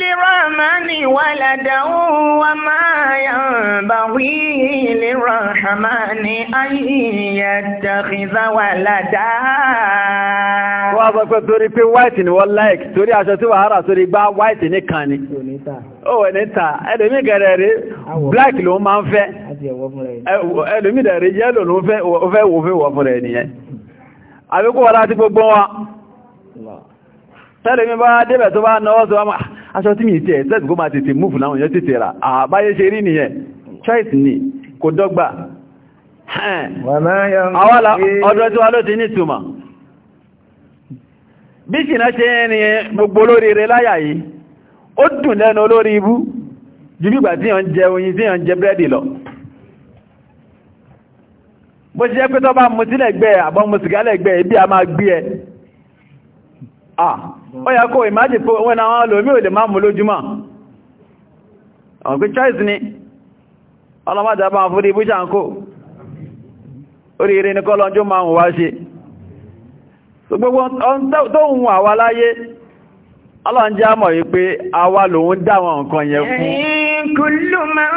لِرَحْمَنِ walada وَمَا ma لِرَحْمَنِ lirahmani an yattakhidha wọ́n á pé torí pé white ni wọ́n like torí aṣọ tí wàá rà sórí gbá white nìkan ni. ó ní ta ẹlòmí gẹ̀rẹ̀ rí black ló máa ń fẹ́ ẹlòmí dẹ̀ rí ló fẹ́ wò fẹ́ wọ̀ fún rẹ̀ tẹ́lẹ̀ mi bá débẹ̀ tó bá náwọ́ sọ wá ah, aṣọ tí mi tẹ́ tẹ́sì kó máa tètè múfù láwọn èèyàn tètè rà àbáyé ah, ṣe rí nìyẹn choice ni kò dọ́gba ọdọ́ tí wá ló ti ní túmọ̀ bí ṣìnà ṣe ní gbogbo olórí rẹ láyà yìí ó dùn lẹ́nu olórí ibú ju bí ìgbà tí yàn jẹ oyin tí yàn jẹ búrẹ́dì bó ṣe jẹ́ pé tó bá mu sílẹ̀ gbẹ́ àbọ̀ mu sìgálẹ̀ gbẹ́ ibi a máa gbé ẹ ah ó yà kó ìmájì pé wọ́n àwọn olómi ò lè máa mú lójúmọ́ ọ̀gbí choice ni ọlọ́mọ́dá bá ń fúrí ibú ṣàǹkó oríire ní kọ́lọ́njú máa wá ṣe gbogbo tó ń wà wá láyé Ọlọ́run jẹ́ àmọ̀ wípé àwa lòun dáwọn nǹkan yẹn fún. Kullu man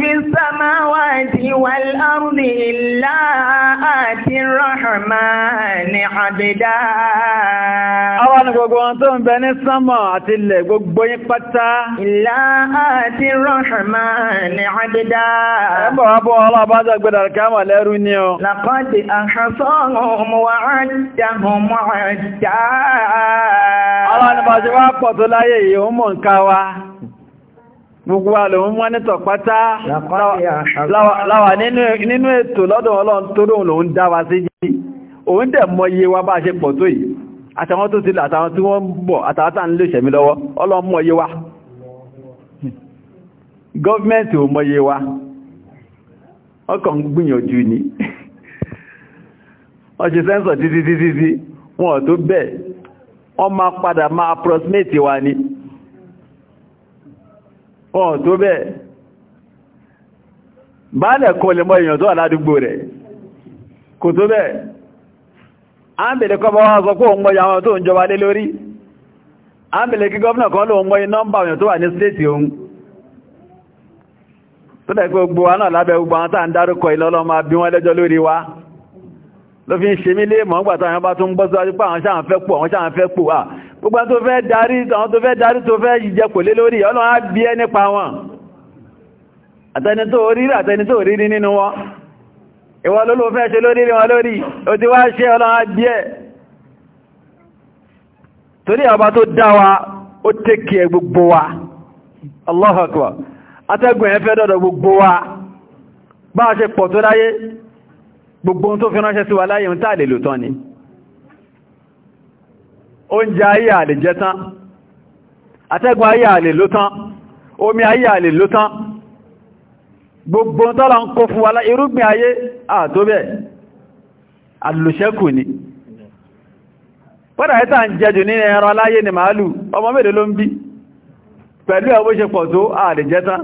fi samawati wal ardi illa ati rahmani abda. Àwa ni gbogbo wọn tó ń bẹ ní sánmọ̀ àti ilẹ̀ gbogbo yín pátá. Illa ati rahmani abda. Ẹgbọ̀n wá bọ́ ọlọ́bájọ́ gbẹ̀dọ̀ kámọ̀ lẹ́rú ní o. Laqad ahsahum wa addahum adda. Ọlọ́run bá ṣe wá pọ̀ tó láyé yìí ó mọ̀ ń ká wa gbogbo wa lòun mọ́ nítọ̀ pátá láwà nínú ètò lọ́dọ̀ ọlọ́run tó lóun lòun dá wa sí jí òun dẹ̀ mọ iye wa bá ṣe pọ̀ tó yìí àtàwọn tó ti lọ àtàwọn tí wọ́n bọ̀ àtàwọn tàn lè ṣẹ̀mí lọ́wọ́ ọlọ́run mọ iye wa gọ́ọ̀mẹ́ntì ò mọ iye wa ọkàn [LAUGHS] Ọ ma padà ma approximate wa ni. ọ̀n tó bẹ́ẹ̀ báálẹ̀ kọ́ lè mọ́ èèyàn tó wà ládúgbò rẹ̀ kò tó bẹ́ẹ̀ a ń bèèrè kọ́bọ̀ wá sọ pé òun mọ́ya wọn tó ń jọba lé lórí a ń bèèrè kí gọ́ọ̀nà kan lóun mọ́ èèyàn tó wà ní wa ló fi ń ṣe mí lé mọ̀ nígbà táwọn bá tún gbọ́ síwájú pé àwọn sáà fẹ́ pò àwọn sáà fẹ́ pò à gbogbo tó fẹ́ darí àwọn tó fẹ́ darí tó fẹ́ jẹ kò lé lórí ọlọ́run á bí ẹ nípa wọn àtẹni tó rí rí àtẹni tó rí rí nínú wọn ìwọ ló ló fẹ́ ṣe lórí rí wọn lórí o ti wá ṣe ọlọ́run á bí ẹ torí ọba tó dá wa ó tẹ́kì ẹ gbogbo wa Allahu Akbar atẹ́gùn ẹ fẹ́ dọ́dọ̀ gbogbo wa bá a ṣe pọ̀ gbogbo tó fi ránṣẹ́ sí wa láyé ń tàà lè lò tán ni oúnjẹ ayé àlè jẹ tán atẹ́gùn ayé àlè ló tán omi ayé àlè ló tán gbogbo tọ́lá ń kó fún wa láyé irúgbìn ayé àtóbẹ̀ alùsẹ́kù ni pọ́dà ẹ́ta ń jẹjù nínú ẹran aláyé ni màálù ọmọ mẹ́rin ló ń bí pẹ̀lú ẹ̀ ṣe pọ̀ tó àlè jẹ tán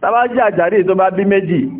tàbá àjàrí tó bá bí méjì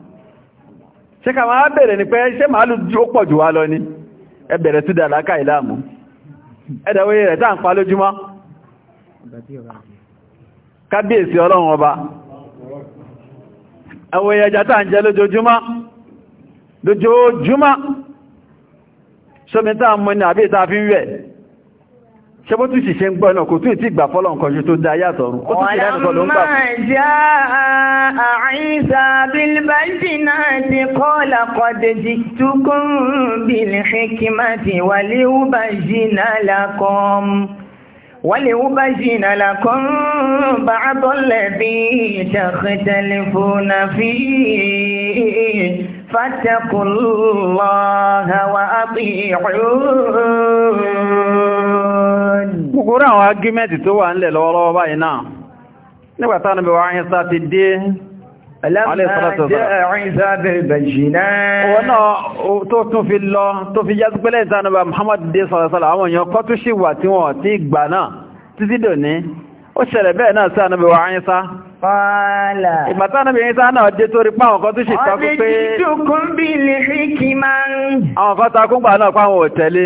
ṣe ká máa bẹ̀rẹ̀ ní pé ṣe màálù ó pọ̀ jù wá lọ ní ẹbẹ̀rẹ̀ tó dàlákà ìlàmù ẹ̀dẹ̀wé rẹ̀ tá ń pa lójúmọ́ kábíyèsí ọlọ́run ọba àwọn ẹja tá ń jẹ lójoojúmọ́ lójoojúmọ́ ṣómi tá ń ṣe bó tún ṣiṣẹ́ ń gbọ́ náà kò tún ìtí ìgbà fọ́lọ̀ nǹkan ṣe tó dá yàtọ̀ rú ó tún ṣe láti sọ́dọ̀ ń gbà fún. ọ̀làmà já àìsà bilbaji náà ti kọ́ làkọ̀dẹ̀jì tukùn bilhikimati wàlíwúbàjì náà làkọ́m Gbogbo àwọn agímẹ́ntì tó wà nílẹ̀ lọ́wọ́lọ́wọ́ báyìí náà, nígbàtá ní bí wà ń sá ti dé tó tún fi lọ tó fi yásí pẹ́lẹ̀ ìtànàbà Muhammad dé sọ̀rọ̀sọ̀rọ̀ àwọn èèyàn kọ́ tún ṣì wà tí wọ́n ti gbà náà títí dò ní ó ṣẹlẹ̀ bẹ́ẹ̀ náà sí ànàbà wa ayínsá ìgbàtà ànàbà ayínsá náà dé torí pàwọn kan tún ṣì takú pé àwọn kan takú gbà náà pàwọn ò tẹ̀lé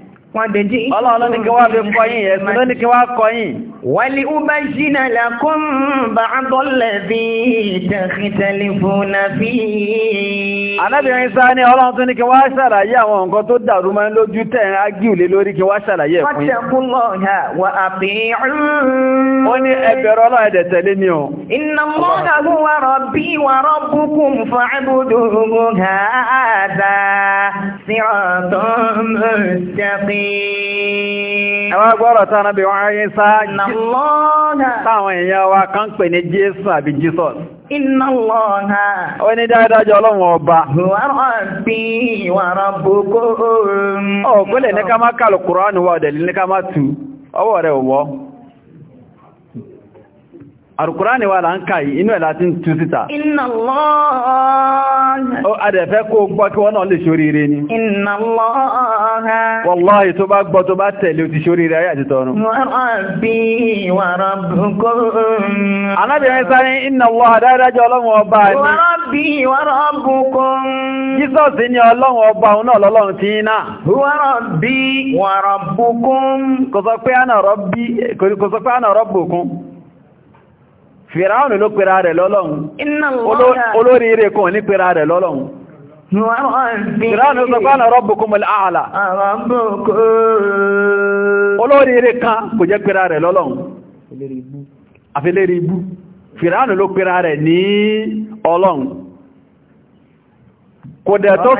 Pọ̀dẹ̀dí ọlọ́ọ̀lọ́ ní kí wá fi kọ yìí ẹ̀sùn ló ní kí wá kọ yìí. Wàlí Uba ṣínà lákún bá bọ́lẹ̀ bí ìtẹ̀kítẹ̀lì fún àfí. Anábìnrin sáà ní ọlọ́run tó ní kí wá ṣàlàyé àwọn nǹkan tó dàrú máa ń lójú tẹ̀rin ágìlè lórí kí wá ṣàlàyé ẹ̀kún. Ó ní ẹgbẹ̀rọ ọlọ́run tẹ̀lé mi Àwọn agbọ́rọ̀ tí a náà bí wọ́n ayé sáà táwọn èèyàn wa kan pè ní Jésù àbí Jesus. Iná Ó ní dáadájọ́ ọlọ́run ọba. Wàrọ̀ bí wàrọ̀ bókó. Ọ̀gbọ́n lè ní ní ká má tu. Àrùkùránì wà láń káyì inú ẹ̀ láti ń tú síta. Inna Allah. Ó adẹ̀fẹ́ kó gbọ́ kí wọ́n náà lè ṣoríire ni. Inna Allah. Wallahi tó bá gbọ́ tó bá tẹ̀lé ti ṣoríire ayé àti tọrún. Rabbi wa rabbukum. Anábìnrin inna Allah dáadájọ́ wa rabbukum. Jesus ni ọlọ́run ọba wa rabbukum. Kò sọ pé àná Rabbi, kò fìràánù ló pèrà rẹ̀ lọ́lọ́run olóríire kan ní pèrà rẹ̀ lọ́lọ́run fìràánù sọ pánà rabbukumul a'la olóríire kan kò jẹ́ pèrà rẹ̀ lọ́lọ́run àfilẹ́rí ibú fìràánù ló pèrà rẹ̀ ní ọlọ́run kò dẹ̀ tó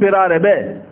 tó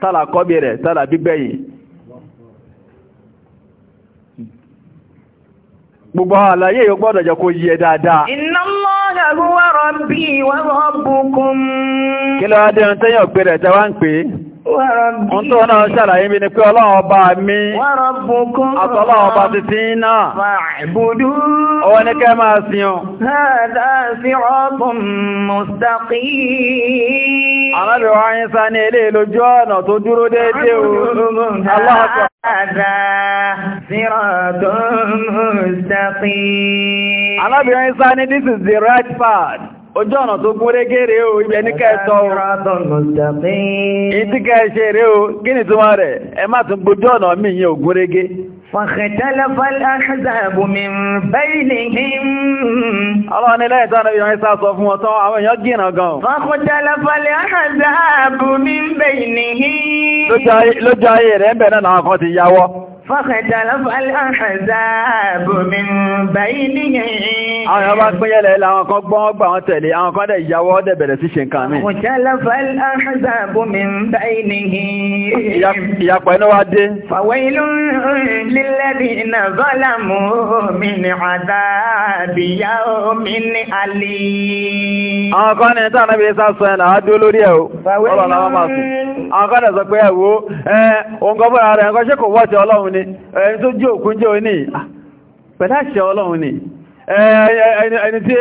tààlà kọ́bí rẹ̀ tààlà gbígbẹ̀yìn gbogbo àlàyé yóò gbọ́dọ̀ jẹ́ kó yẹ dáadáa Inna Allaha huwa rabbi wa rabbukum kí lọ́wọ́ dẹ̀ ń tẹ́yàn Wọ́n tó náà ṣàlàyé mi ni pé ọlọ́run ọba mi, àtọ́lọ́run ọba títí náà, ọwọ́ ní kẹ́ máa sin ọ. Àlábẹ̀ wá ń sá ní ilé lójú ọ̀nà tó dúró déédé this is the right path ojú ọ̀nà tó gún régé o ibẹ̀ ní kẹsọ ìdí kẹsẹ rẹ̀ o kí ni túnmọ̀ rẹ̀ ẹ má tún gbójú ọ̀nà mi yí ògún régé Ọlọ́run ayé rẹ̀ ń bẹ̀ náà kan ti yáwọ́. فاختلف الأحزاب من بينهم àwọn ọba pínyẹ̀lẹ̀ ilẹ̀ àwọn kan gbọ́n gbà wọ́n tẹ̀lé àwọn kan dẹ̀ ìyàwó ọdẹ̀ bẹ̀rẹ̀ sí ṣe nǹkan mi. اختلف الأحزاب من بينهم ìyàpọ̀ inú wá dé. فويل للذين ظلموا من عذاب يوم أليم. àwọn kan ní tànà bí sá sọ ẹ̀nà àádó lórí ẹ̀ o àwọn kan dẹ̀ sọ pé ẹ̀wò ẹ̀ òǹkọ́ rẹ̀ ẹ̀kọ́ ṣe kò wọ́ọ̀tì ni ẹni tó jí òkú jẹ́ òní ah, pẹ̀láṣẹ ọlọ́run ni ẹni tí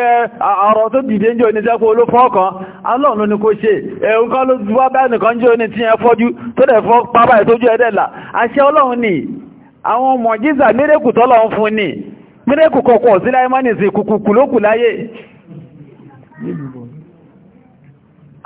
ọ̀rọ̀ tó dìde jẹ́ òní tẹ́kù olófọ́ọ̀kan alọ́run ni kó ṣe ẹ̀hùn kan ló wá bẹ́ẹ̀ nìkan jẹ́ òní tí ẹ fọ́jú tó dẹ̀ fọ́ pápá ìtójú ẹ̀dẹ̀là àṣẹ ọlọ́run ni àwọn mọ̀jísà mírèkù tọ́lọ́run fún ni mírèkù kọ̀kọ̀ sí láyé mọ́nìsì kùkùkù lókù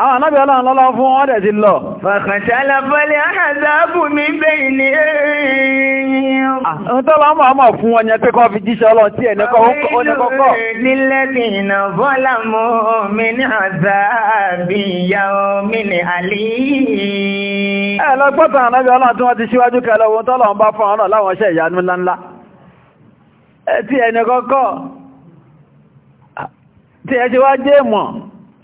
àwọn anábì ọlọ́run lọ́lọ́ fún wọ́n dẹ̀ ti lọ. fàkàṣálà fọ́lẹ̀ àhàzáàbù mi bẹ́ẹ̀ ni ẹ̀yìn. Ah, ohun tó bá mọ̀ ọmọ fún wọn yẹn pé kọ́ fi jíṣẹ́ ọlọ́run tí ẹ̀nẹ́kọ́ ó ní kọ́kọ́. nílẹ̀ ní iná bọ́lá mọ́ mi ní àzáàbì ìyá mi ní àlè. ẹ lọ gbọ́tàn anábì ọlọ́run tí ti ẹ ti ah, wá jẹ́ mọ̀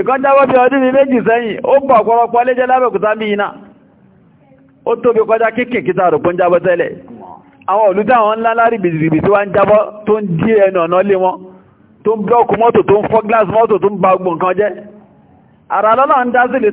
ìkọjáwọ́ bí ọdún mi méjì sẹ́yìn ó pọ̀ ọ̀pọ̀lọpọ̀ léjẹ́ lábẹ̀kúta bí iná ó tóbi kọjá kíkìn kíta rò pún jábọ́ tẹ́lẹ̀ àwọn olùdá àwọn ńlá lárí bìbìbì tí wá ń jábọ́ tó ń dí ẹnu ọ̀nà lé wọn tó ń blọ́ọ̀kù mọ́tò tó ń fọ́ gíláàsì mọ́tò tó ń ba gbogbo jẹ́ ara lọ́nà ń dá sílẹ̀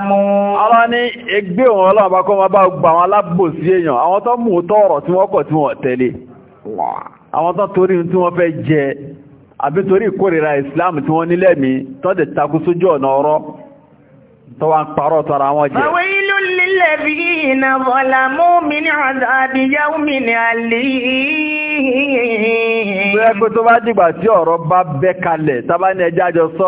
ظلموا ọlọ́ ní ẹgbẹ́ òun ọlọ́ọ̀bá kó ma bá gbà àwọn alábòsí èèyàn àwọn tó mú tọ́ọ̀rọ̀ tí wọ́n kọ̀ tí wọ́n tẹ̀lé àwọn tó torí tí wọ́n fẹ́ jẹ àbí torí ìkórìíra Islam tí wọ́n nílẹ̀ mi tọ́dẹ̀ takú sójú tó bá dìgbà tí ọ̀rọ̀ bá bẹ́ kalẹ̀, tàbá ní ẹjá jọ sọ,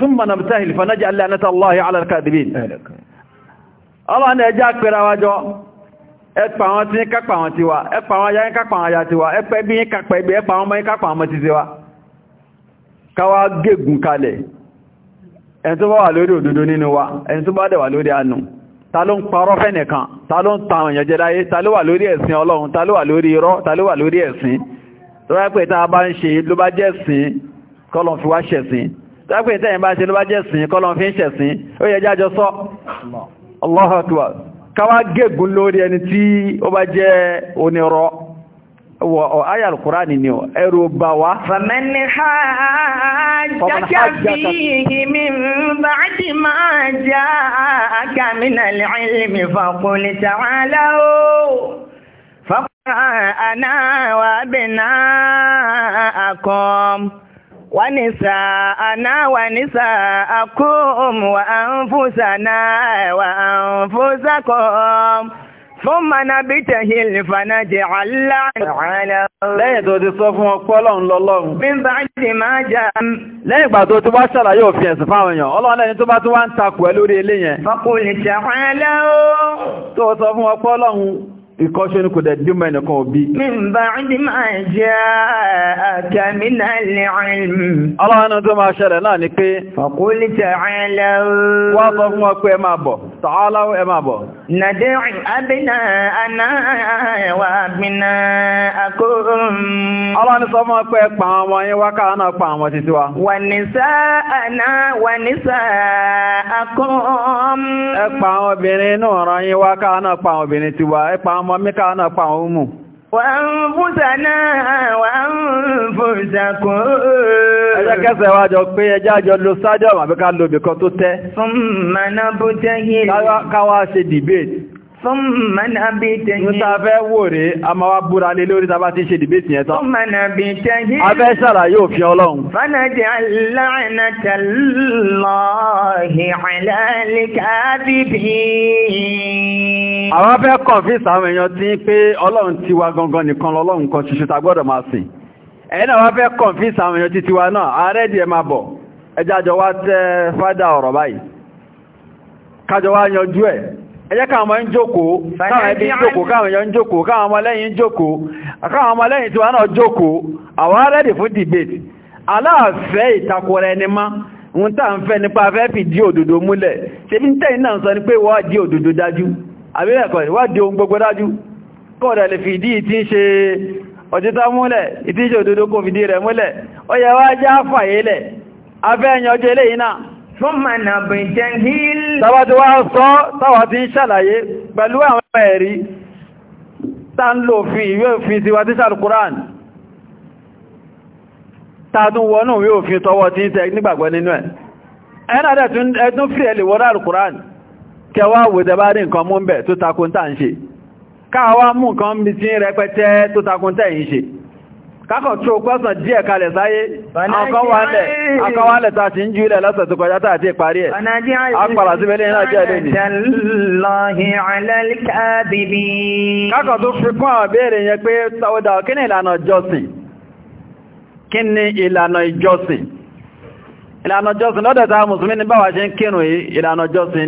ثم نبتهل فنجعل لعنة الله على الكاذبين الله ni ẹjá pẹ̀rẹ̀ àwájọ́ ẹpa àwọn tí ń kápa àwọn tiwa ẹpa àwọn ayá ń kápa àwọn ayá tiwa ẹpẹ́ bí ń kápa ẹgbẹ́ ẹpa àwọn ọmọ ń kápa àwọn ti tiwa káwà gégùn kalẹ̀ ẹni tó bá wà lórí òdodo nínú wa ẹni tó bá dẹ̀ wà lórí anù ta ló ń parọ́ fẹ́nìkan ta ló ń ta àwọn èèyàn jẹ láyé ta ló wà lórí ẹ̀sìn ọlọ́run ta ló wà lórí irọ́ ta ló wà lórí ẹ̀sìn tó bá pẹ̀ tá a bá ń ṣe ló bá jẹ́ sìn kọ́lọ̀ fi wá ṣẹ̀sìn dápẹ́ ìtẹ́yìn bá ṣe ló bá jẹ́ sìn kọ́lọ̀ fi ń ṣẹ̀sìn ó yẹ jájọ sọ Allahu Akbar káwá lórí ẹni tí ó bá jẹ́ onírọ́ wọ ni ẹrù bá wá. fàmẹ́ni hajjaka fíhì min ba'di ma ونساءنا ونساءكم وأنفسنا وأنفسكم ثم نبتهل فنجعل لعنة على lẹ́yìn tó ti sọ fún ọpọ́ ọlọ́run lọ́lọ́run bímbá ìdí máa jà lẹ́yìn ìgbà tó tó ṣàlàyé òfin ẹ̀sìn fáwọn èèyàn ọlọ́run lẹ́ni tó bá tó wá ń takò ẹ lórí ilé sọ fún ìkọ́ṣẹ́ ní kò dẹ̀ dímọ̀ ẹnìkan òbí. Mímbà ní máa jẹ́ àkàmínà lẹ́rìn. Ọlọ́run tó máa ṣẹlẹ̀ náà ni ندعي أبناءنا وأبناءكم Allah ní sọ mọ́ pé pa ọmọ yín wá náà pa ọmọ títí wa. Wà ní sáànà wà Ẹ pa àwọn obìnrin inú ọ̀ràn yín wá náà pa àwọn tiwa. Ẹ ọmọ Wàǹfùsànà wàǹfùsàkó. Ẹjẹ́ kẹsẹ̀ wá jọ pé ẹjẹ́ àjọ lo stadium àbíká lo ibìkan tó tẹ́. Fún mànà bó jẹ́ yìí. Káwá ṣe debate. Súnmà náà bí tẹ́yìn. Ní tàbẹ́ wò rí, a máa wá búra lé lórí tàbá ti ṣe dìbé tìyẹn tán. Súnmà náà bí tẹ́yìn. A fẹ́ ṣàrà yóò fi ọlọ́run. Fánàjẹ́ aláìnàtàlọ́hì àlálẹ́kàbíbí. Àwọn fẹ́ kọ̀nfíìsì àwọn èèyàn tí pé ọlọ́run ti wa gangan nìkan lọ́lọ́run kan ṣoṣo ta gbọ́dọ̀ máa sìn. Ẹ̀yìn náà wá fẹ́ kọ̀nfíìsì àwọn èèyàn títí wa náà, ààrẹ díẹ̀ máa bọ̀. Ẹjá jọ wá tẹ́ fádà ọ̀rọ̀ báyìí. Kájọ wá yanjú ẹ̀. ẹjẹ́ káwọn ọmọ ń jókòó káwọn ẹbí ń jókòó káwọn èèyàn ń jókòó káwọn ọmọlẹ́yìn ń jókòó ọmọlẹ́yìn tí wọ́n náà jókòó àwọn arẹ́dì fún debate aláàfẹ́ ìtakọrẹ ẹni má ń tà ń fẹ́ nípa afẹ́ fi dí òdodo múlẹ̀ ṣe bí ń Fọ́nmà náà bẹ̀ jẹ́ hìl. Tàwà tí wá sọ, tàwà tí ń ṣàlàyé pẹ̀lú àwọn ẹ̀rí, tá ń lò fi ìwé òfin tiwa tí ṣàlùkúrán. Tàdún wọnú ìwé òfin tọwọ́ tí ń tẹ nígbàgbọ́ nínú ẹ̀. Ẹnà dẹ̀ tún ẹdún fìrẹ̀ lè wọ́n àlùkúrán kẹwàá wòdẹ̀ bá rí nǹkan kákan tó pẹ́sàn díẹ̀ kalẹ̀ sáyé akọwálẹ̀ tàà ti ń júlẹ̀ lọ́sẹ̀ tó kọjá tàà ti parí ẹ̀ apàrà sí belé náà jẹ́ lè ní kákan tó fi kún àwọn béèrè yẹn pé sáwọ́dá kí ni ìlànà ìjọsìn kí ni ìlànà ìjọsìn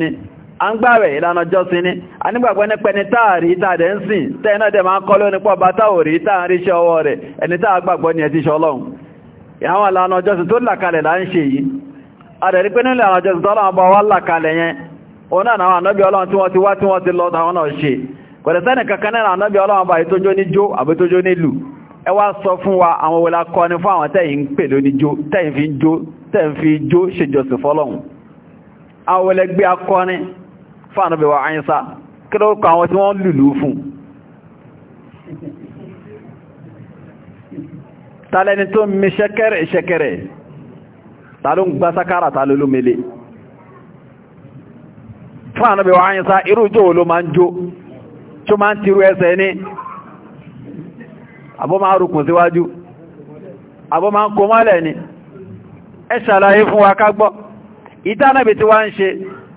ni a ń gbààwẹ̀ ìlànà jọ́sìn ní a nígbàgbọ́ nípa ẹni táàrí ìtàdẹ̀ ń sìn tẹ́ẹ̀nà dẹ̀ máa ń kọ́ lónípọ̀ bá táòrí ìtàrí iṣẹ́ ọwọ́ rẹ̀ ẹni táà gbàgbọ́ ní ẹ̀tíṣọ́ ọlọ́run àwọn ìlànà jọ́sìn tó làkalẹ̀ là ń ṣe yìí a dẹ̀ rí pé nílẹ̀ àwọn jọ́sìn tó ọlọ́run bá wá làkalẹ̀ yẹn òun náà àwọn ànábì ọlọ́run tí wọ́n ti wá tí wọ́n ti lọ táwọn náà ṣe kò dẹ̀ sẹ́nì kankan náà ànábì ọlọ́run bá ìtójó ní jó àbí tójó nílù ẹ wá sọ fún wa àwọn wòlá kọni fún àwọn tẹ́yìn ń pè lóní jó tẹ́yìn fi jó ṣèjọsìn fọ́lọ́run àwọn wòlẹ́gbé akọni fáànà bẹ̀wà àyínsá kí lọ́kọ àwọn tí wọ́n lùlù fún tàlẹni tó mi ṣẹ́kẹ́rẹ̀ ṣẹ́kẹ́rẹ̀ tàló ń gbá sákàrà tàló ló mele fáànà bẹ̀wà àyínsá irú jò ló máa ń jó tó máa ń tirú ẹsẹ̀ ní àbọ́ máa rùkùn síwájú àbọ́ máa ń kó mọ́lẹ̀ ní ẹ fún wa ká gbọ́ ìtànàbì tí wá ń ṣe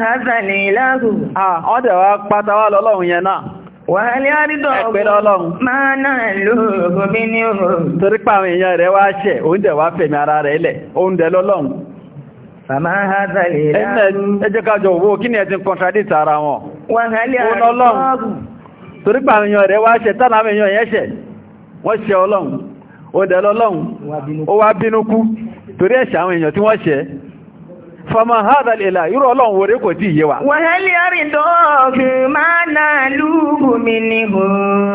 hazani ilahu. Wọ́n dẹ̀ wá pátá wá lọ́lọ́run yẹn náà. Wàhálí àrídọ̀ ọgbọ̀n máa náà lóògbò bí ní òhùn. Torí pàwọn èèyàn rẹ̀ wá ṣẹ̀, oúnjẹ wá fèmì ara rẹ̀ ilẹ̀ oúnjẹ lọ́lọ́run. ara Torí pàwọn èèyàn rẹ̀ wá ṣẹ̀, tánà àwọn èèyàn yẹn wọ́n ṣẹ̀ ọlọ́run, wá bínú kú, torí fama hada lela irú ọlọ́run wo rẹ kò tí ì yé wa. wàhálì àrídọ́ọ̀kì máa na lùhù mi ni hù.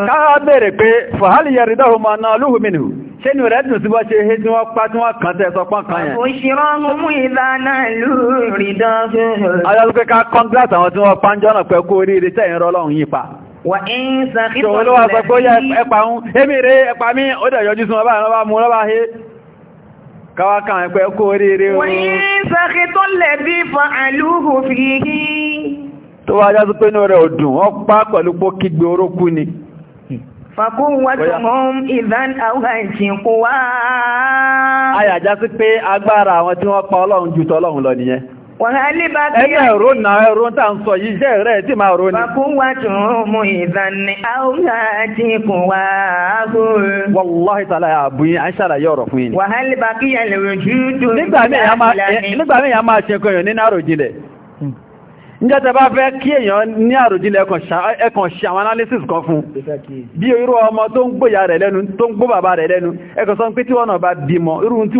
ká béèrè pé fàhálì yàrídọ́ọ̀kì máa na lùhù mi ni hù ṣé ni rẹ̀ dùn sí bọ́ ṣe he tí wọ́n pa tí wọ́n kàn tẹ́ sọ pọ́n kan yẹn. òṣìrọ́ mú ìlànà ìlú ìrìndọ́fẹ́. ayọ́lú pé ká kọ́ńgíláàsì àwọn tí wọ́n pa ń jọ́nà pẹ́ kó oríire tẹ̀yìn rọ́lọ́run yìí pa wà ń sàkítọ̀ lẹ́bí. ṣòwò ló wà sọ pé ó yẹ ẹ̀pà ń ẹ̀mí rẹ̀ ẹ̀pà mi ó dẹ̀ yọjú sí wọn báyìí wọn bá mú wọn bá he káwá kan ẹ̀pẹ́ kó oríire ohun sẹ́kí tó lẹ̀bí fa àlúhù fi hí tó wá jású pé ní rẹ̀ òdùn wọ́n pa pẹ̀lú po kigbe orókú ni fàkúnwàtúnhún ìdán àwọn ìsìnkú wá Ẹgbẹ́ ẹ̀rọ na ẹ̀rọ tà ń sọ yìí jẹ́ rẹ̀ tí máa rọ ni. Wàkúnwà tún mú ìdánni, wá tààlà a ń ṣàlàyé ọ̀rọ̀ fún yìí. Wàhálì bá lè a máa ṣe kan hmm. èèyàn ní àròjinlẹ̀. tẹ bá fẹ́ kan fún. Bí irú ọmọ tó ń gbóyà rẹ̀ lẹ́nu, tó ń gbó bàbá rẹ̀ lẹ́nu, ẹkàn sọ pé tí wọ́n náà bá bímọ, irú tí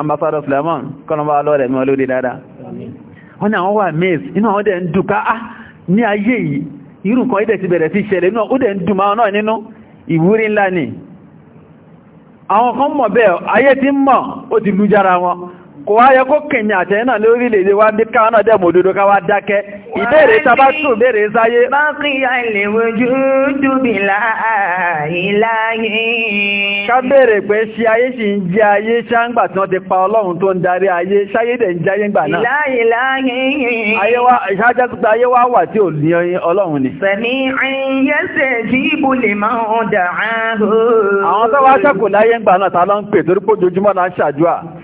ambassador Suleiman kọ́nàbá lọ́rẹ̀ mi olóri dáadáa wọ́n ni àwọn wà mẹ́s inú àwọn dẹ̀ ń dùká á ah, ní ayé yìí irú kan ìdẹ̀ ti bẹ̀rẹ̀ sí ṣẹlẹ̀ náà ó dẹ̀ ń dùn máa náà nínú ìwúrí ńlá ni àwọn kan mọ̀ bẹ́ẹ̀ ayé ti mọ̀ ó ti lú jára wọn kò wá yẹ kó kìnyà àtẹ́yìn náà lórílẹ̀-èdè káwọn náà dẹ̀mọ̀ ká wá dákẹ́ ìbéèrè tàbá tún béèrè wojú ká béèrè pé ṣe ayé ṣì ayé tí ti pa ọlọ́run tó ń darí ayé ṣáyé dẹ̀ ń jáyé ńgbà náà. láyé. ayé wa ìṣájá ayé ní ọlọ́run ni. sẹ̀mí ń àwọn láyé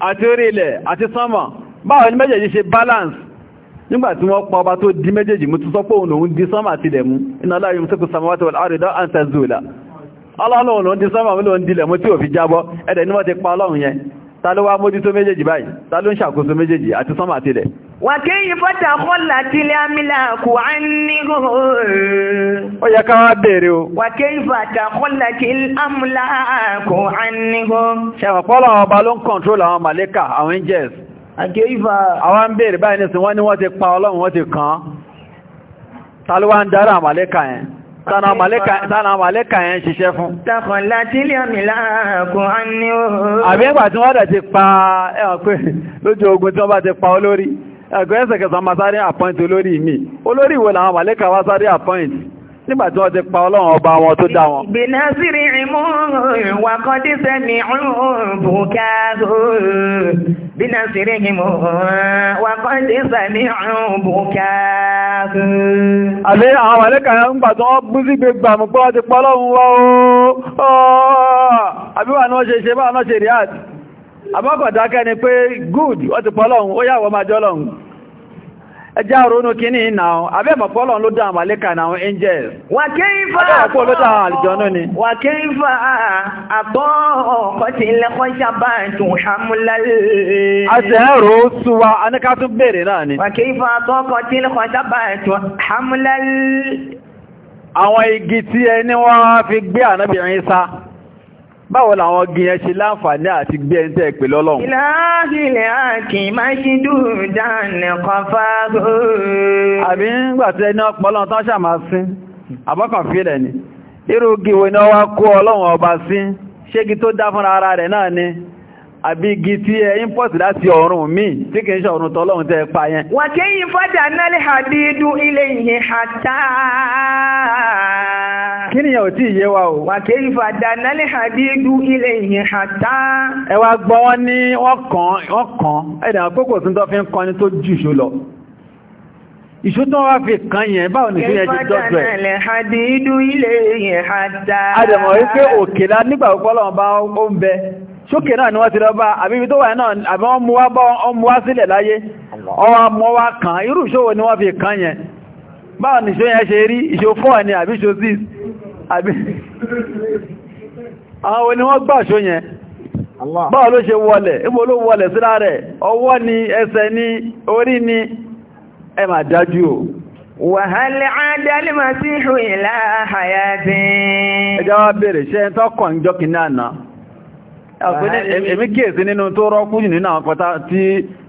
àti orílẹ̀ àti sánmà báwọn ní méjèèjì ṣe balance nígbàtí wọ́n pa ọba tó di méjèèjì mú tó sọ pé òun òun di sánmà àti ilẹ̀ mú iná láàrin mú sókù samawati wal arida an tazula ọlọ́run òun di sánmà mílò ń dilẹ̀ mú tí ò fi jábọ́ ẹ̀dẹ̀ ní wọ́n ti pa ọlọ́run yẹn sánmà وكيف تخلت الأملاك عنهم وكيف تخلت الأملاك عنهم ṣẹ̀wọ̀n pọ́lọ̀ àwọn ọba ló ń kọ̀ntrol àwọn màlẹ́kà àwọn angels àkéífà àwọn ń bèèrè báyìí nísìn wọ́n ní wọ́n ti pa ọlọ́run wọ́n ti kàn án tàlúwà ń dára màlẹ́kà yẹn tánà màlẹ́kà yẹn ṣiṣẹ́ fún tàkànlá tí lè mìláàkùn á ní ó àbí ẹgbà tí wọ́n dẹ̀ ti pa ẹwọ̀n wọ́n ti pa ẹ̀gọ́ ẹsẹ̀kẹsàn máa sáré àpọ́ìntì olórí mi olórí ìwò làwọn màlẹ́kà wá sáré àpọ́ìntì nígbà wọ́n ti pa ọba wọn tó dá wọn. ìgbìnà àwọn màlẹ́kà yẹn ń wọ́n bú sí mú ti pa ọlọ́run wọ́n ó náà ṣe ṣe náà àbọ́kọ̀dákẹ́ ni pé good ó ti pọ́lọ́hun ó yàwó máa jọ́lọ́hun ẹjá ronú kíní náà abẹ́mọ̀ pọ́lọ́hun ló dáa màlíkà náà angels wàkíńfà àbọ́ ọkọ̀ tí lẹ́kọ́ sábà tún ni wàkíńfà àtọ́kọ̀ tí lẹ́kọ́ sábà tún hàmúlálẹ̀ àwọn igi tí ẹni wọ́n fi gbé ànábìrin sá báwo làwọn gìyàn ṣe láǹfààní àti gbé ẹni tẹ́ pè lọ́lọ́run. ìlàáfilẹ̀ àkì máa ṣe dùdà nìkan fáàgò. àbí nígbà tí ẹni ọpọlọ tán ṣàmà sí àbọ́kàn fílẹ̀ ni irú gíwé ni wọ́n wá kó ọlọ́run ọba sí Ṣé ṣégi tó dá fúnra ara rẹ̀ náà ni àbí igi tí ẹ import láti ọ̀run mi tí kìí ṣe ọ̀run tọ́lọ́run tẹ́ pa yẹn. wà kí yí fọ́dà náà lè hàbí dún ilé ìhìn àtà. kí nìyẹn ò tí ì wa o. wà kí yí fọ́dà náà lè hàbí dún ilé ìhìn àtà. ẹ wá gbọ́ wọn ní wọ́n kàn wọ́n kàn ẹ̀dà àkókò tó ń tọ́ fi ń kọ́ni tó jù ṣó lọ ìṣútọ́ wá fi kàn yẹn báwọn ní ìṣúyẹ jẹ́ jọ́jọ́ ẹ̀. adẹ̀mọ̀ wípé òkèlá nígbà púpọ̀ lọ́wọ́ bá sókè náà ni wọ́n ti lọ́bá àbíbi tó wà náà àbí wọ́n mú wá bọ́ wọ́n mú wá sílẹ̀ láyé ọwọ́ mọ́ wá kàn irú ìṣòwò ni wọ́n fi kàn yẹn báwọn ni ṣe yẹn ṣe rí ìṣò fọ́ọ̀ ni àbí ṣò 6 àbí [LAUGHS] àwọn ni wọ́n gbà ṣó yẹn báwọn ló ọwọ́ ni ẹsẹ̀ ni orí ni ẹ dájú o وهل ṣe Ah, eh, eh, èmi kíyèsí nínú tó rọ́kú jù nínú àwọn pọ̀tá tí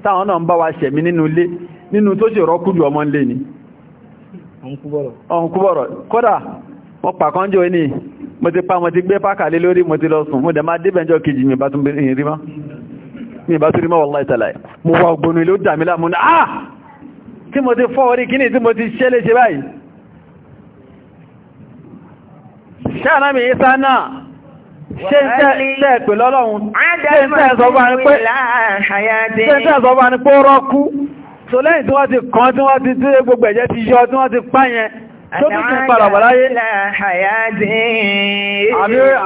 táwọn náà ń bá wa ṣẹ̀mí nínú ilé nínú tó ṣe rọ́kú jù ọmọ ilé ni ọ̀hún kúbọ̀rọ̀ kódà mo pàkánjò ní mo ti pa mo ti gbé pákàlé lórí mo ti lọ sùn mo dẹ̀ máa débẹ̀njọ́ kejì mi bá tún rí mọ́ mi ah tí mo ti fọ́ orí kíní tí mo ti ṣe ń tẹ́ pè lọ́lọ́run ṣe ń tẹ́ sọ bá ní pé rọ́kú so lẹ́yìn tí wọ́n ti kàn tí wọ́n ti tí gbogbo ẹ̀jẹ̀ ti yọ tí wọ́n ti páyẹn tó bí kí padà wà láyé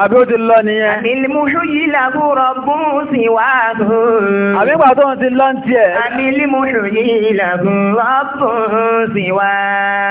àbí ó ti lọ nìyẹn àmìlìmúṣú yìí làbúrọ̀ bún sí ẹ̀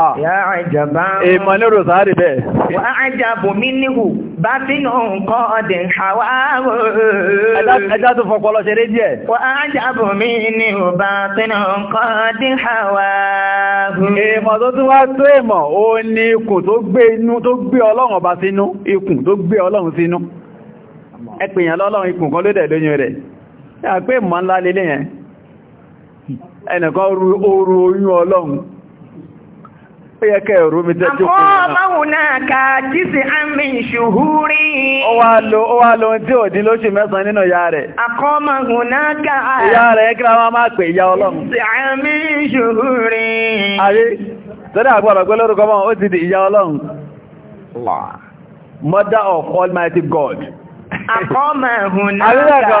Ah. Yà àjàbá. Èèmọ̀ ní rò sáà rí bẹ́ẹ̀. Wà á jàbò mí níhù, bá bínú nǹkan ọ̀dẹ̀ àwá rò. Ẹjá tó fọpọlọ ṣeré díẹ̀. Wà á jàbò mí níhù, bá bínú nǹkan ọ̀dẹ̀ àwá rò. Èèmọ̀ tó tún wá tó èèmọ̀, ó ní ikùn tó gbé inú tó gbé ọlọ́run ọba sínú, ikùn tó gbé ọlọ́run sínú. Ẹ pèèyàn lọ́lọ́run ikùn kan ló dẹ̀ lóyún rẹ̀. Ẹ àpé ìmọ̀ ńlá lélẹ̀ yẹn. Ẹnìkan oru oyún ọlọ́run ó yẹ kẹ́ ẹ̀rú mi tẹ́jú kúrò náà. àmọ́ báwo náà ka jíṣẹ́ àmì ìṣòhúrí. ó wá lo ó wá lo ohun tí ò dín lóṣù mẹ́sàn-án nínú ìyá rẹ̀. àkọ́mọ òun náà ka. ìyá rẹ̀ kí ni wọ́n máa pè ìyá ọlọ́run. jíṣẹ́ àmì ìṣòhúrí. àbí sọ́dọ̀ di ìyá ọlọ́run. Mother of Almighty God. àkọ́mọ òun náà ka.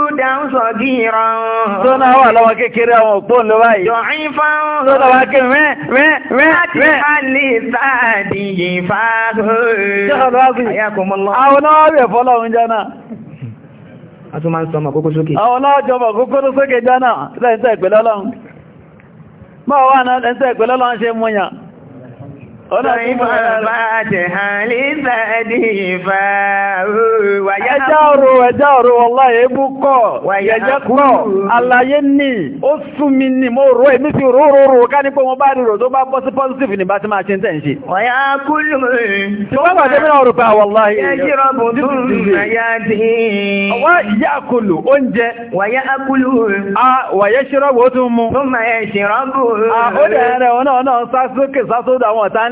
húdà ń sọ gíra. Lọ́nà wà lọ́wọ́ kékeré àwọn òpó ló báyìí. Jọ̀ín fáwọn. Lọ́nà wà kí lọ́wọ́ bí. Àyàkùnmọ́ lọ. Àwọn náà rẹ̀ fọ́lọ́run jẹ́ náà a tún máa ń sọmọ̀ kókó sókè. àwọn ọlọ́jọmọ̀ kókó sókè jẹ́ náà lẹ́yìn tẹ́ ìpẹ̀lọ́lọ́run. máa wà náà lẹ́yìn tẹ́ ìpẹ̀lọ́lọ́run ṣe Ẹjá ọ̀rọ̀ ẹjá ọ̀rọ̀ ọlá ebú kọ̀, ẹjá kọ̀, alayé ní, ó súnmi ní mo rọ èmi ti rò rò rò ká ní pé wọ́n bá rírò tó bá bọ́sí positive ní bá ti máa ṣe tẹ́ ń ṣe. Wọ́yá kúlù ah, eh, rẹ̀. Tó bá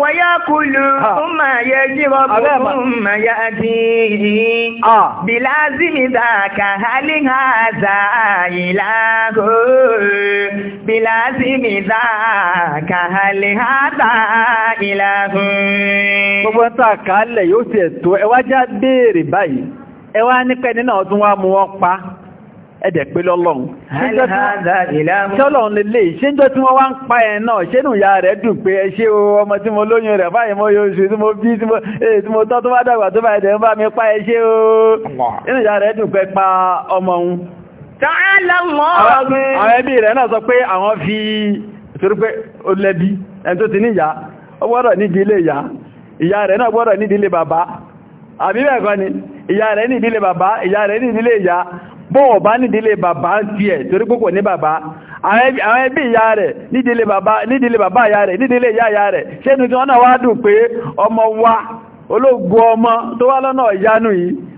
Wọ́yá kúlù ma yẹ jíwọ́ ọmọ yá dí bí lázìmì dáka hálíhá záìláhó bí lázìmì dáka hálíhá záìláhó. Gbogbo ń tàà kálẹ̀ yóò ti ẹ̀tọ́ ẹwà já béèrè báyìí, ẹwà nípẹ́ nínú ọdún wa mú wọn pa ẹ̀dẹ̀ pé lọ́lọ́run ṣọ́lọ́run lè ṣe ń jọ tí wọ́n wá ń pa ẹ̀ náà ṣé nù ya rẹ̀ dùn pé ẹ ọmọ tí mo lóyún rẹ̀ báyìí mo yóò ṣe tí mo bí tí mo tọ́ tó bá dàgbà tó bá ẹ̀dẹ̀ ń bá mi pa ẹ ṣé ìyá rẹ̀ náà gbọ́dọ̀ bàbá ìyá rẹ̀ nídìí ilé ìyá bọ́ọ̀ bá nídílé bàbá tí ẹ̀ torí púpọ̀ ní bàbá àwọn ẹbí ìyá rẹ̀ nídílé bàbá ìyá rẹ̀ nídílé ìyá ìyá rẹ̀ ṣẹ́nu tí wọ́n náà wá dùn pé ọmọ wa olóògbò ọmọ tó wá lọ́nà ìyanu yìí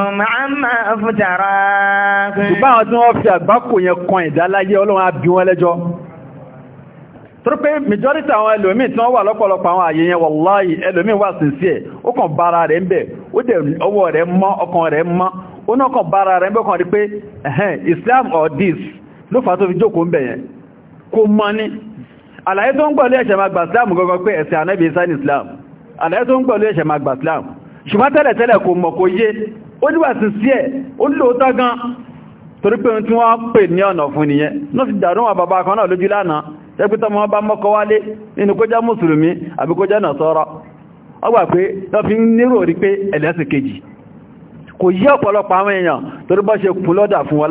àmà fújàrá. ṣùgbọ́n àwọn tí wọ́n fi àgbákò yẹn kan ìdáláyé ọlọ́run á bí wọn lẹ́jọ́ torí pé majority àwọn ẹlòmí tí wọ́n wà lọ́pọ̀lọpọ̀ àwọn àyè yẹn wọ̀láyì ẹlòmí wà sincere ó kàn bára rẹ̀ ń bẹ̀ ó dẹ̀ ọwọ́ rẹ̀ mọ́ ọkàn rẹ̀ mọ́ ó náà kàn bára rẹ̀ ń bẹ̀ kàn rí pé ẹ̀hẹ́n Islam or this ló fà tó fi jókòó ń bẹ̀ yẹn kó mọ́ ní àlàyé tó ń gbọ́ lẹ́ẹ̀ṣẹ̀ máa gbà Islam gọ́gọ́ pé ẹ̀sìn Ànábì Isa ní Islam àlàyé tó ń gbọ́ lẹ́ẹ̀ṣẹ̀ máa ó níwà sí sí ẹ̀ ó gan torí pé ohun tí wọ́n pè ní ọ̀nà fún nìyẹn náà ti dàrú wọn bàbá kan náà lójú lánàá tẹ́gbẹ́tọ́ mọ́ bá mọ́kọ́ wálé nínú kó mùsùlùmí àbí ọgbà pé fi nírò rí pé kejì kò yí ọ̀pọ̀lọpọ̀ àwọn èèyàn torí bọ́ ṣe kú lọ́dà fún wọn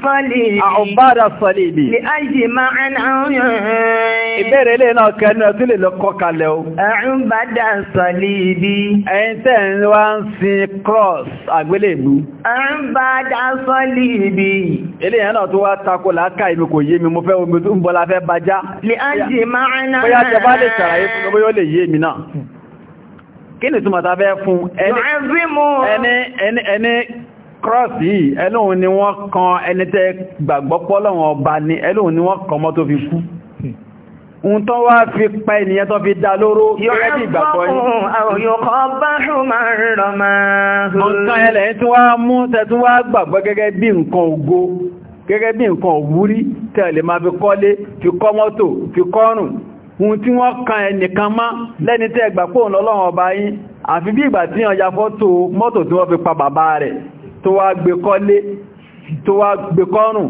sọ́lìbì. Àọ̀bádà sọ́lìbì. Lè ájì máa ń rìn. Ìbéèrè ilé náà kẹnu ẹ̀tún lè lọ kọ́ kalẹ̀ o. Àọ̀bádà sọ́lìbì. Ẹ̀yin tẹ́ ń wá ń sin cross àgbélébú. Àọ̀bádà sọ́lìbì. Ilé yẹn náà tó wá takò láàkà ìmú kò mi, mo fẹ́ omi tó ń bọ́lá fẹ́ bajá. Lè ájì máa ń rìn. Bóyá tẹ bá lè ṣàlàyé fún mi, bóyá ó lè yé mi kírọ́ọ̀sì yìí ẹlóhun ni wọ́n kan ẹni tẹ́ gbàgbọ́ pọ́lọ́wọ́n ọba ni ẹlóhun ni wọ́n kan mọ́ tó fi kú ń tọ́ wá fi pa ènìyàn tó fi dá lóró gẹ́gẹ́ bí ìgbàgbọ́ yìí. Yọ̀kọ́ bá ṣùmọ̀ rọ̀ máa hù. Nǹkan ẹlẹ̀ tí wá mú tẹ́tún wá gbàgbọ́ gẹ́gẹ́ bí nǹkan ògo, gẹ́gẹ́ bí nǹkan òwúrí tẹ́lẹ̀ máa fi kọ́lé, fi kọ́ mọ́tò, fi kọ́rùn. Ohun tí wọ́n kan ẹnìkan má lẹ́ni tẹ́ gbà pòun lọ́lọ́run ọba yín, àfi bí ìgbà tí yàn ya fọ́tò mọ́tò tí wọ́n fi pa bàbá rẹ̀ tó wá gbé kọ́lé tó wá gbé kọ́rùn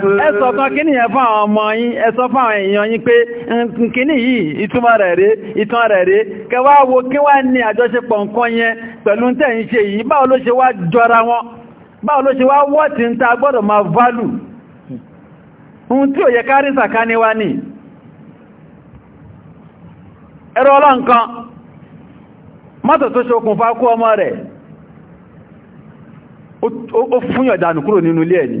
ẹsọ kan kíní yẹn fún àwọn ọmọ yín ẹsọ fún àwọn èèyàn yín pé kíní yìí ìtumọ̀ rẹ̀ rí ìtàn rẹ̀ rí kẹwàá wo kí wá ní àjọṣepọ̀ nǹkan yẹn pẹ̀lú tẹ̀ ń ṣe yìí báwo ló ṣe wá jọra wọn báwo kúrò nínú ilé ẹni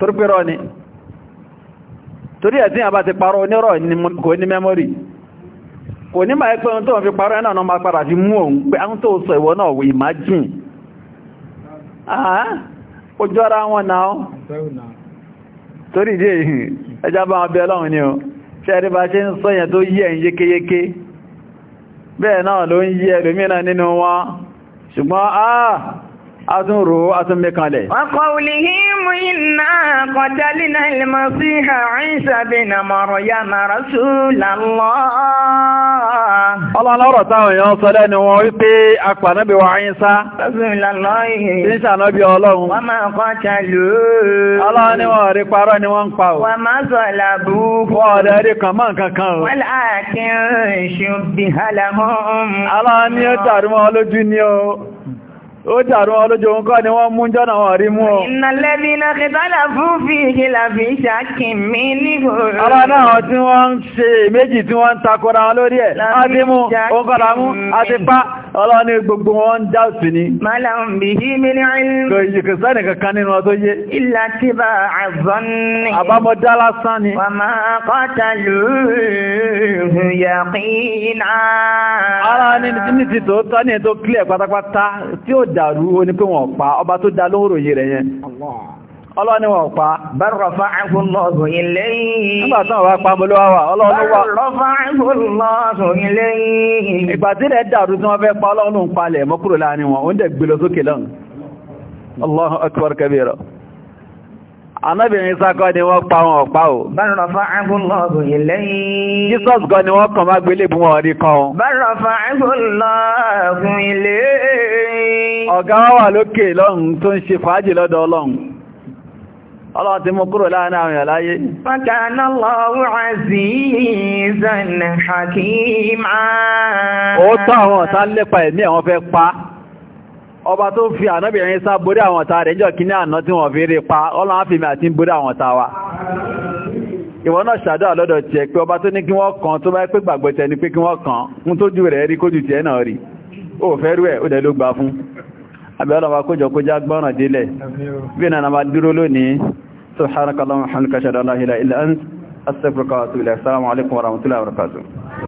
torípẹ́rọ ni torí ẹ̀ tí a bá ti parọ́ onírọ̀ kò ní mẹ́mọ́rì kò ní máa pẹ́ tó ń fi na ẹ̀nà ma padà fi mú òun pé án tó sọ ìwọ ìmájìn ojú ara na náà torí ìdí ẹjá bá ni o ṣùgbọ́n atún ro atún mẹ́kanlẹ̀. Ọkọ̀wùlìhìm iná kọjálínà al-Masiha Isa bin Maryam Rasulallah. Ọlọ́lọ́rọ̀ táwọn èèyàn sọ lẹ́nu wọn wípé apànábí wa Isa. Rasulallah ihe. Tí ń ṣànábí Ọlọ́run. Wọ́n máa kọ́ tàlú. Ọlọ́run ni wọ́n rí parọ́ ni wọ́n ń pa ò. Wọ́n máa sọ ni ó tàrí wọn lójú ni ó ó jàrú ọlójò ń kọ́ ni wọ́n mú jọ́nà wọn rí mú ọ. ìnàlẹ́bí náà fún fi ìhìlà fi ṣàkì mí nígbò. ọba náà tí wọ́n ń ṣe méjì tí wọ́n ń takora wọn lórí ẹ̀ láti mú òǹkọ̀dà mú àti pa ọlọ́ni gbogbo wọn ń já sí ni. mọ́lá ń bì dàrú ó ní pé wọ́n pa ọba tó dá lóòrò yìí rẹ̀ yẹn ọlọ́ni wọ́n pa bẹ́rọ̀fà ẹ̀fúnlọ́sùn ilé yìí nígbà tán wà pa mọ́lọ́wà ọlọ́ni wà bẹ́rọ̀fà ẹ̀fúnlọ́sùn ilé yìí ìgbà tí rẹ̀ dàrú tí wọ́n fẹ́ pa ọlọ́run palẹ̀ mọ́kúrò anábìnrin sákọ́ ni wọ́n pa wọn ọ̀pá o. bára fa ẹ̀bùnlọ́gùn yìí lẹ́yìn. jesus gan ni wọ́n kàn má gbélé bú wọn rí kan. bára fa ẹ̀bùnlọ́gùn yìí lẹ́yìn. ọ̀gá wa wà lókè lọ́hùn tó ń ṣe fàájì lọ́dọ̀ ọlọ́hun ọlọ́run ti mú kúrò láàrin àwọn ìyàláyé. Fákàánà lọ́wọ́ azizan hakima. Ó tọ́ àwọn ọ̀tá lépa ẹ̀mí àwọn fẹ́ pa ọba tó fi ànábìnrin sá borí àwọn ọ̀tá rẹ̀ jọ kí àná tí wọ́n fi rí pa ọlọ́run áfìmí àti borí àwọn ọ̀tá wa ìwọ náà ṣàdọ́ lọ́dọ̀ tiẹ̀ pé ọba tó ní kí wọ́n kàn tó bá pé gbàgbọ́ tẹ ni pé kí wọ́n kàn ń tójú rẹ̀ rí kójú tiẹ̀ náà rí ó fẹ́ rú ẹ̀ ó dẹ̀ ló gbà fún abẹ́ ọlọ́wà kójọ kójá gbọ́ràn délẹ̀ bí